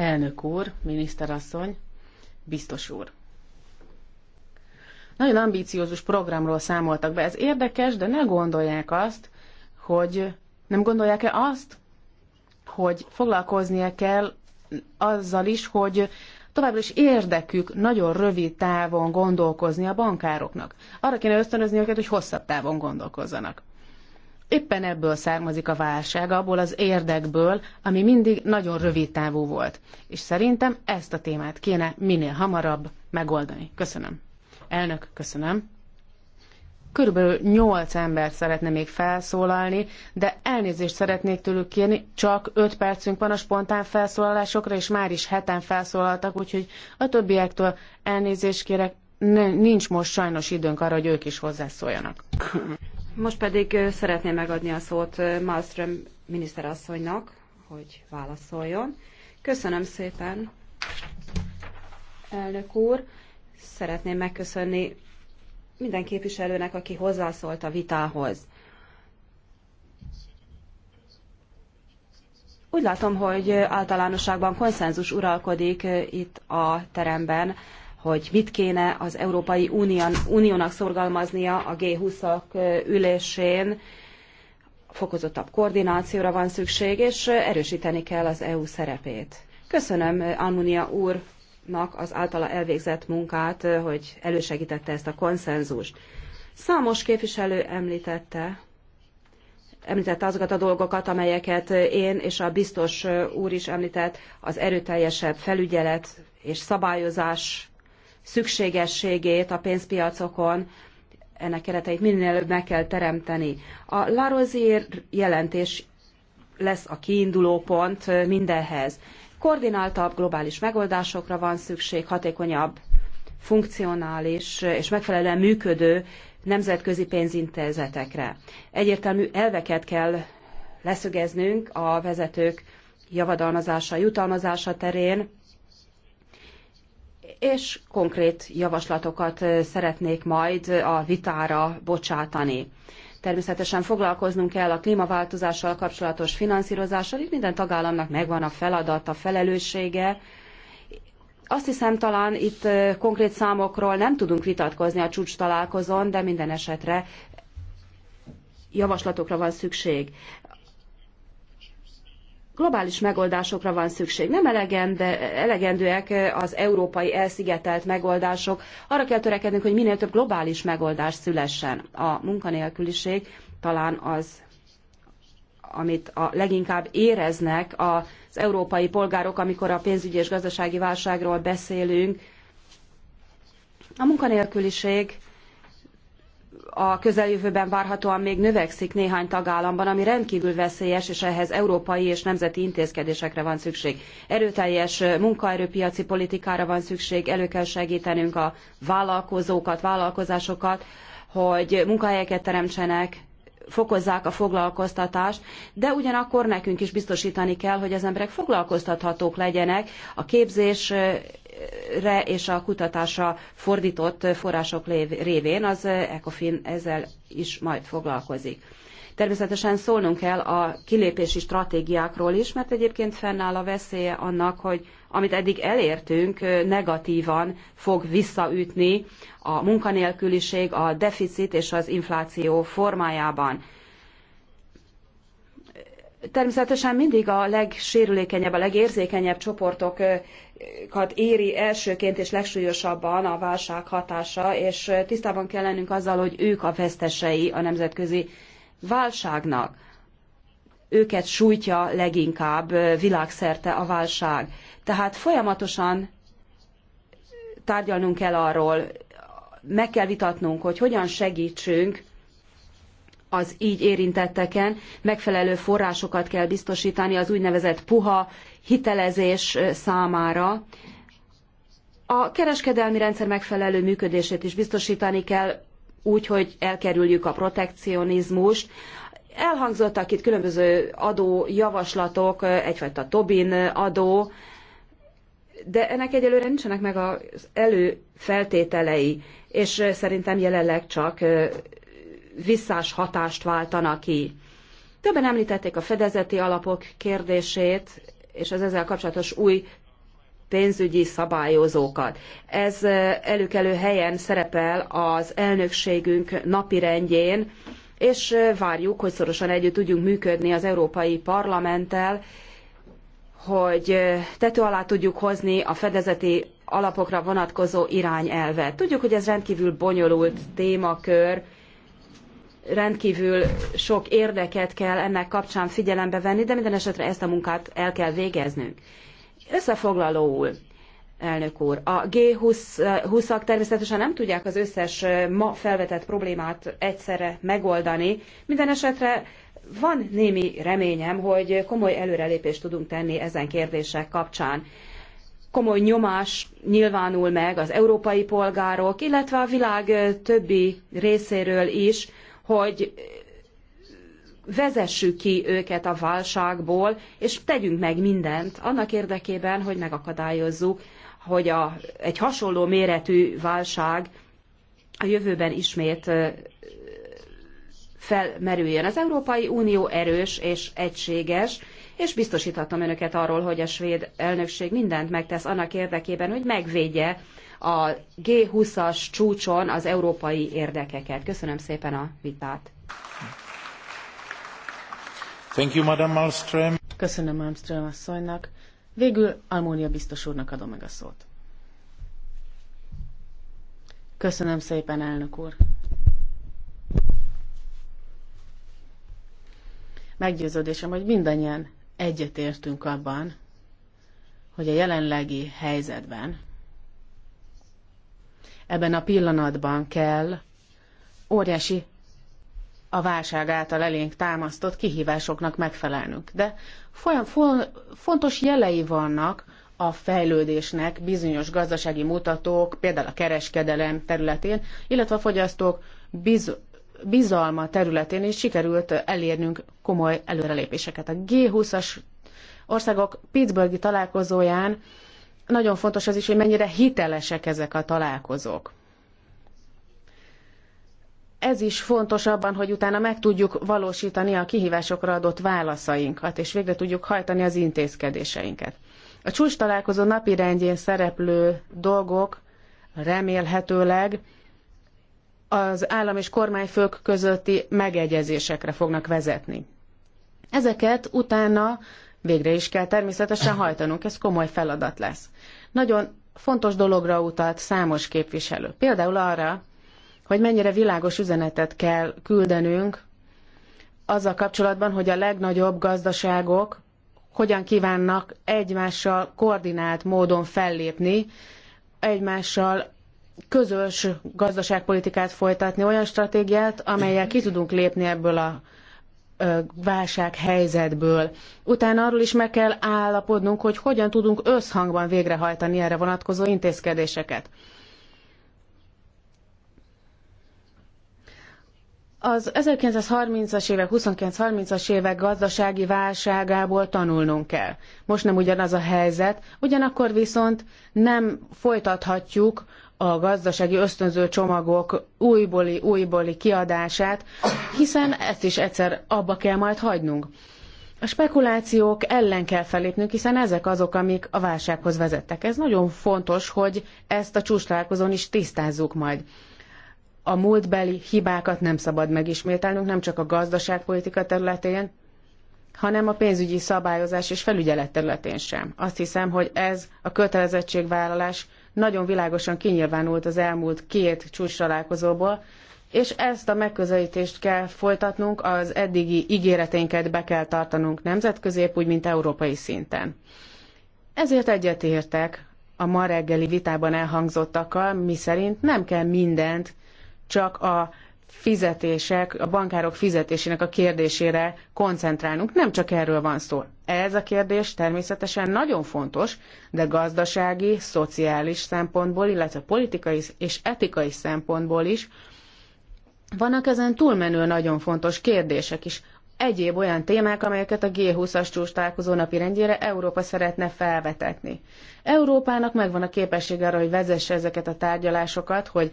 Elnök úr, miniszterasszony, biztos úr. Nagyon ambíciózus programról számoltak be. Ez érdekes, de ne gondolják azt, hogy nem gondolják-e azt, hogy foglalkoznia kell azzal is, hogy továbbra is érdekük nagyon rövid távon gondolkozni a bankároknak. Arra kéne ösztönözni őket, hogy hosszabb távon gondolkozzanak. Éppen ebből származik a válság, abból az érdekből, ami mindig nagyon rövid távú volt. És szerintem ezt a témát kéne minél hamarabb megoldani. Köszönöm. Elnök, köszönöm. Körülbelül nyolc ember szeretne még felszólalni, de elnézést szeretnék tőlük kérni, csak öt percünk van a spontán felszólalásokra, és már is heten felszólaltak, úgyhogy a többiektől elnézést kérek, nincs most sajnos időnk arra, hogy ők is hozzászóljanak. Most pedig szeretném megadni a szót Malmström miniszterasszonynak, hogy válaszoljon. Köszönöm szépen, elnök úr. Szeretném megköszönni minden képviselőnek, aki hozzászólt a vitához. Úgy látom, hogy általánosságban konszenzus uralkodik itt a teremben hogy mit kéne az Európai Unión, Uniónak szorgalmaznia a G20-ak ülésén, fokozottabb koordinációra van szükség, és erősíteni kell az EU szerepét. Köszönöm Almunia úrnak az általa elvégzett munkát, hogy elősegítette ezt a konszenzust. Számos képviselő említette, említette azokat a dolgokat, amelyeket én és a biztos úr is említett, az erőteljesebb felügyelet és szabályozás szükségességét a pénzpiacokon, ennek kereteit minél előbb meg kell teremteni. A Larozier jelentés lesz a kiinduló pont mindenhez. Koordináltabb globális megoldásokra van szükség, hatékonyabb, funkcionális és megfelelően működő nemzetközi pénzintézetekre. Egyértelmű elveket kell leszögeznünk a vezetők javadalmazása, jutalmazása terén, és konkrét javaslatokat szeretnék majd a vitára bocsátani. Természetesen foglalkoznunk kell a klímaváltozással kapcsolatos finanszírozással, itt minden tagállamnak megvan a feladata, felelőssége. Azt hiszem talán itt konkrét számokról nem tudunk vitatkozni a csúcs találkozón, de minden esetre javaslatokra van szükség globális megoldásokra van szükség. Nem elegende, elegendőek az európai elszigetelt megoldások. Arra kell törekednünk, hogy minél több globális megoldás szülessen. A munkanélküliség talán az amit a leginkább éreznek az európai polgárok, amikor a pénzügyi és gazdasági válságról beszélünk. A munkanélküliség a közeljövőben várhatóan még növekszik néhány tagállamban, ami rendkívül veszélyes, és ehhez európai és nemzeti intézkedésekre van szükség. Erőteljes munkaerőpiaci politikára van szükség, elő kell segítenünk a vállalkozókat, vállalkozásokat, hogy munkahelyeket teremtsenek, fokozzák a foglalkoztatást, de ugyanakkor nekünk is biztosítani kell, hogy az emberek foglalkoztathatók legyenek, a képzés re és a kutatásra fordított források révén az ECOFIN ezzel is majd foglalkozik. Természetesen szólnunk kell a kilépési stratégiákról is, mert egyébként fennáll a veszélye annak, hogy amit eddig elértünk, negatívan fog visszaütni a munkanélküliség, a deficit és az infláció formájában. Természetesen mindig a legsérülékenyebb, a legérzékenyebb csoportokat éri elsőként és legsúlyosabban a válság hatása, és tisztában kell lennünk azzal, hogy ők a vesztesei a nemzetközi válságnak. Őket sújtja leginkább világszerte a válság. Tehát folyamatosan tárgyalnunk kell arról, meg kell vitatnunk, hogy hogyan segítsünk az így érintetteken megfelelő forrásokat kell biztosítani az úgynevezett puha hitelezés számára. A kereskedelmi rendszer megfelelő működését is biztosítani kell, úgy, hogy elkerüljük a protekcionizmust. Elhangzottak itt különböző adójavaslatok, egyfajta Tobin adó, de ennek egyelőre nincsenek meg az előfeltételei, és szerintem jelenleg csak visszás hatást váltana ki. Többen említették a fedezeti alapok kérdését, és az ezzel kapcsolatos új pénzügyi szabályozókat. Ez előkelő helyen szerepel az elnökségünk napirendjén, és várjuk, hogy szorosan együtt tudjunk működni az Európai Parlamenttel, hogy tető alá tudjuk hozni a fedezeti alapokra vonatkozó irányelvet. Tudjuk, hogy ez rendkívül bonyolult témakör, rendkívül sok érdeket kell ennek kapcsán figyelembe venni, de minden esetre ezt a munkát el kell végeznünk. Összefoglalóul, elnök úr, a G20-ak természetesen nem tudják az összes ma felvetett problémát egyszerre megoldani, minden esetre van némi reményem, hogy komoly előrelépést tudunk tenni ezen kérdések kapcsán komoly nyomás nyilvánul meg az európai polgárok, illetve a világ többi részéről is hogy vezessük ki őket a válságból, és tegyünk meg mindent annak érdekében, hogy megakadályozzuk, hogy a, egy hasonló méretű válság a jövőben ismét felmerüljön. Az Európai Unió erős és egységes, és biztosíthatom önöket arról, hogy a svéd elnökség mindent megtesz annak érdekében, hogy megvédje a G20-as csúcson az európai érdekeket. Köszönöm szépen a vitát. Thank you, Madam Malmström. Köszönöm Malmström asszonynak. Végül Almónia biztos úrnak adom meg a szót. Köszönöm szépen, elnök úr. Meggyőződésem, hogy mindannyian egyetértünk abban, hogy a jelenlegi helyzetben ebben a pillanatban kell óriási a válság által elénk támasztott kihívásoknak megfelelnünk. De folyam, fontos jelei vannak a fejlődésnek bizonyos gazdasági mutatók, például a kereskedelem területén, illetve a fogyasztók biz, bizalma területén is sikerült elérnünk komoly előrelépéseket. A G20-as országok Pittsburghi találkozóján nagyon fontos az is, hogy mennyire hitelesek ezek a találkozók. Ez is fontos abban, hogy utána meg tudjuk valósítani a kihívásokra adott válaszainkat, és végre tudjuk hajtani az intézkedéseinket. A csúcs találkozó rendjén szereplő dolgok remélhetőleg az állam és kormányfők közötti megegyezésekre fognak vezetni. Ezeket utána végre is kell természetesen hajtanunk, ez komoly feladat lesz. Nagyon fontos dologra utalt számos képviselő. Például arra, hogy mennyire világos üzenetet kell küldenünk azzal kapcsolatban, hogy a legnagyobb gazdaságok hogyan kívánnak egymással koordinált módon fellépni, egymással közös gazdaságpolitikát folytatni, olyan stratégiát, amelyel ki tudunk lépni ebből a válsághelyzetből. Utána arról is meg kell állapodnunk, hogy hogyan tudunk összhangban végrehajtani erre vonatkozó intézkedéseket. Az 1930-as évek, 29-30-as évek gazdasági válságából tanulnunk kell. Most nem ugyanaz a helyzet, ugyanakkor viszont nem folytathatjuk a gazdasági ösztönző csomagok újbóli, újbóli kiadását, hiszen ezt is egyszer abba kell majd hagynunk. A spekulációk ellen kell fellépnünk, hiszen ezek azok, amik a válsághoz vezettek. Ez nagyon fontos, hogy ezt a csúcstalálkozón is tisztázzuk majd. A múltbeli hibákat nem szabad megismételnünk, nem csak a gazdaságpolitika területén, hanem a pénzügyi szabályozás és felügyelet területén sem. Azt hiszem, hogy ez a kötelezettségvállalás nagyon világosan kinyilvánult az elmúlt két csúcs találkozóból, és ezt a megközelítést kell folytatnunk, az eddigi ígéreteinket be kell tartanunk nemzetközép, úgy mint európai szinten. Ezért egyetértek a ma reggeli vitában elhangzottakkal, miszerint nem kell mindent csak a fizetések, a bankárok fizetésének a kérdésére koncentrálnunk. Nem csak erről van szó. Ez a kérdés természetesen nagyon fontos, de gazdasági, szociális szempontból, illetve politikai és etikai szempontból is vannak ezen túlmenő nagyon fontos kérdések is. Egyéb olyan témák, amelyeket a G20-as csúcs találkozó napi rendjére Európa szeretne felvetetni. Európának megvan a képessége arra, hogy vezesse ezeket a tárgyalásokat, hogy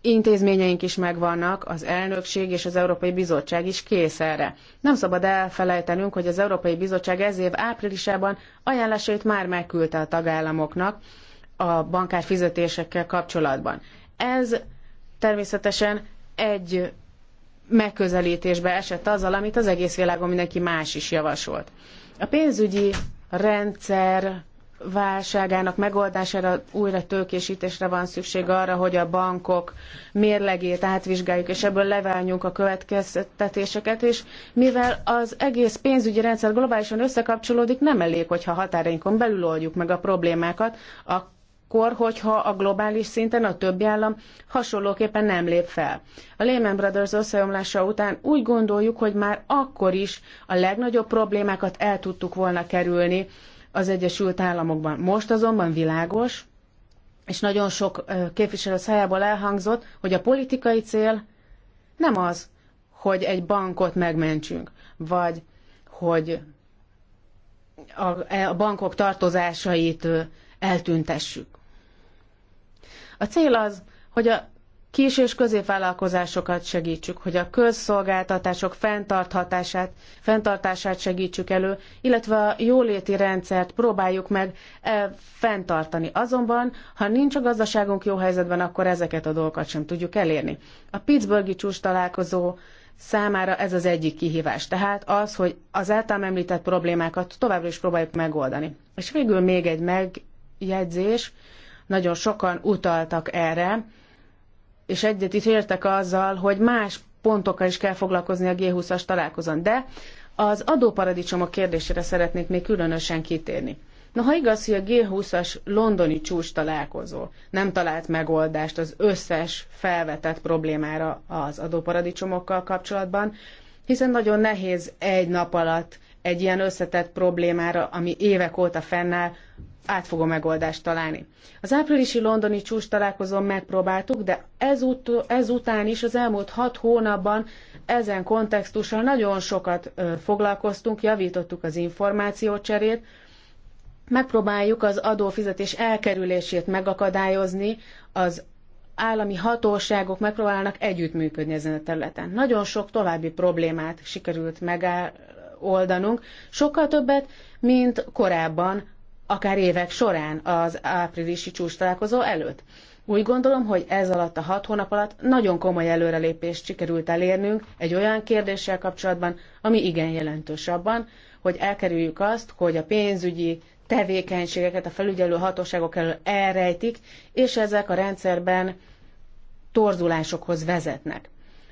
intézményeink is megvannak, az elnökség és az Európai Bizottság is kész erre. Nem szabad elfelejtenünk, hogy az Európai Bizottság ez év áprilisában ajánlásait már megküldte a tagállamoknak a bankár fizetésekkel kapcsolatban. Ez természetesen egy megközelítésbe esett azzal, amit az egész világon mindenki más is javasolt. A pénzügyi rendszer válságának megoldására, újra tőkésítésre van szükség arra, hogy a bankok mérlegét átvizsgáljuk, és ebből leváljunk a következtetéseket, és mivel az egész pénzügyi rendszer globálisan összekapcsolódik, nem elég, hogyha határainkon belül oldjuk meg a problémákat, akkor, hogyha a globális szinten a többi állam hasonlóképpen nem lép fel. A Lehman Brothers összeomlása után úgy gondoljuk, hogy már akkor is a legnagyobb problémákat el tudtuk volna kerülni, az Egyesült Államokban. Most azonban világos, és nagyon sok képviselő szájából elhangzott, hogy a politikai cél nem az, hogy egy bankot megmentsünk, vagy hogy a, bankok tartozásait eltüntessük. A cél az, hogy a kis- és középvállalkozásokat segítsük, hogy a közszolgáltatások fenntarthatását, fenntartását segítsük elő, illetve a jóléti rendszert próbáljuk meg e, fenntartani. Azonban, ha nincs a gazdaságunk jó helyzetben, akkor ezeket a dolgokat sem tudjuk elérni. A Pittsburghi csúcs találkozó számára ez az egyik kihívás. Tehát az, hogy az általam említett problémákat továbbra is próbáljuk megoldani. És végül még egy megjegyzés, nagyon sokan utaltak erre, és egyet is értek azzal, hogy más pontokkal is kell foglalkozni a G20-as találkozón. De az adóparadicsomok kérdésére szeretnék még különösen kitérni. Na, ha igaz, hogy a G20-as londoni csúcs találkozó nem talált megoldást az összes felvetett problémára az adóparadicsomokkal kapcsolatban, hiszen nagyon nehéz egy nap alatt egy ilyen összetett problémára, ami évek óta fennáll, átfogó megoldást találni. Az áprilisi londoni csúcs találkozón megpróbáltuk, de ezut, ezután is az elmúlt hat hónapban ezen kontextussal nagyon sokat foglalkoztunk, javítottuk az információcserét, megpróbáljuk az adófizetés elkerülését megakadályozni, az állami hatóságok megpróbálnak együttműködni ezen a területen. Nagyon sok további problémát sikerült megoldanunk, sokkal többet, mint korábban akár évek során az áprilisi csúcs találkozó előtt. Úgy gondolom, hogy ez alatt a hat hónap alatt nagyon komoly előrelépést sikerült elérnünk egy olyan kérdéssel kapcsolatban, ami igen jelentős abban, hogy elkerüljük azt, hogy a pénzügyi tevékenységeket a felügyelő hatóságok elől elrejtik, és ezek a rendszerben torzulásokhoz vezetnek.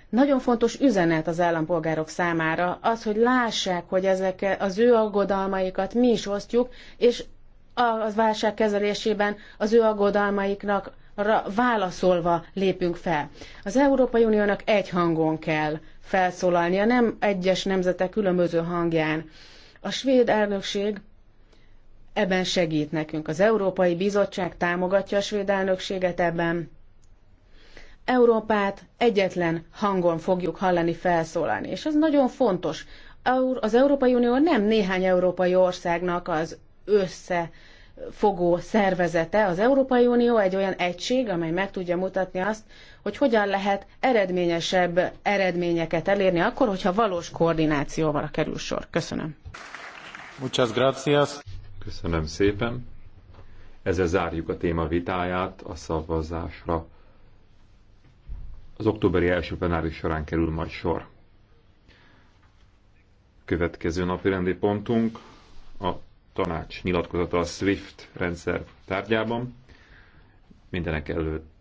Nagyon fontos üzenet az állampolgárok számára az, hogy lássák, hogy ezek az ő aggodalmaikat mi is osztjuk, és a válság kezelésében az ő aggodalmaiknak válaszolva lépünk fel. Az Európai Uniónak egy hangon kell felszólalnia, nem egyes nemzetek különböző hangján. A svéd elnökség ebben segít nekünk. Az Európai Bizottság támogatja a svéd elnökséget ebben. Európát egyetlen hangon fogjuk hallani felszólalni, és ez nagyon fontos. Az Európai Unió nem néhány európai országnak az össze fogó szervezete az Európai Unió, egy olyan egység, amely meg tudja mutatni azt, hogy hogyan lehet eredményesebb eredményeket elérni akkor, hogyha valós koordinációval kerül sor. Köszönöm. Muchas gracias. Köszönöm szépen. Ezzel zárjuk a téma vitáját a szavazásra. Az októberi első plenáris során kerül majd sor. Következő napi rendi pontunk tanács nyilatkozata a SWIFT rendszer tárgyában. Mindenek előtt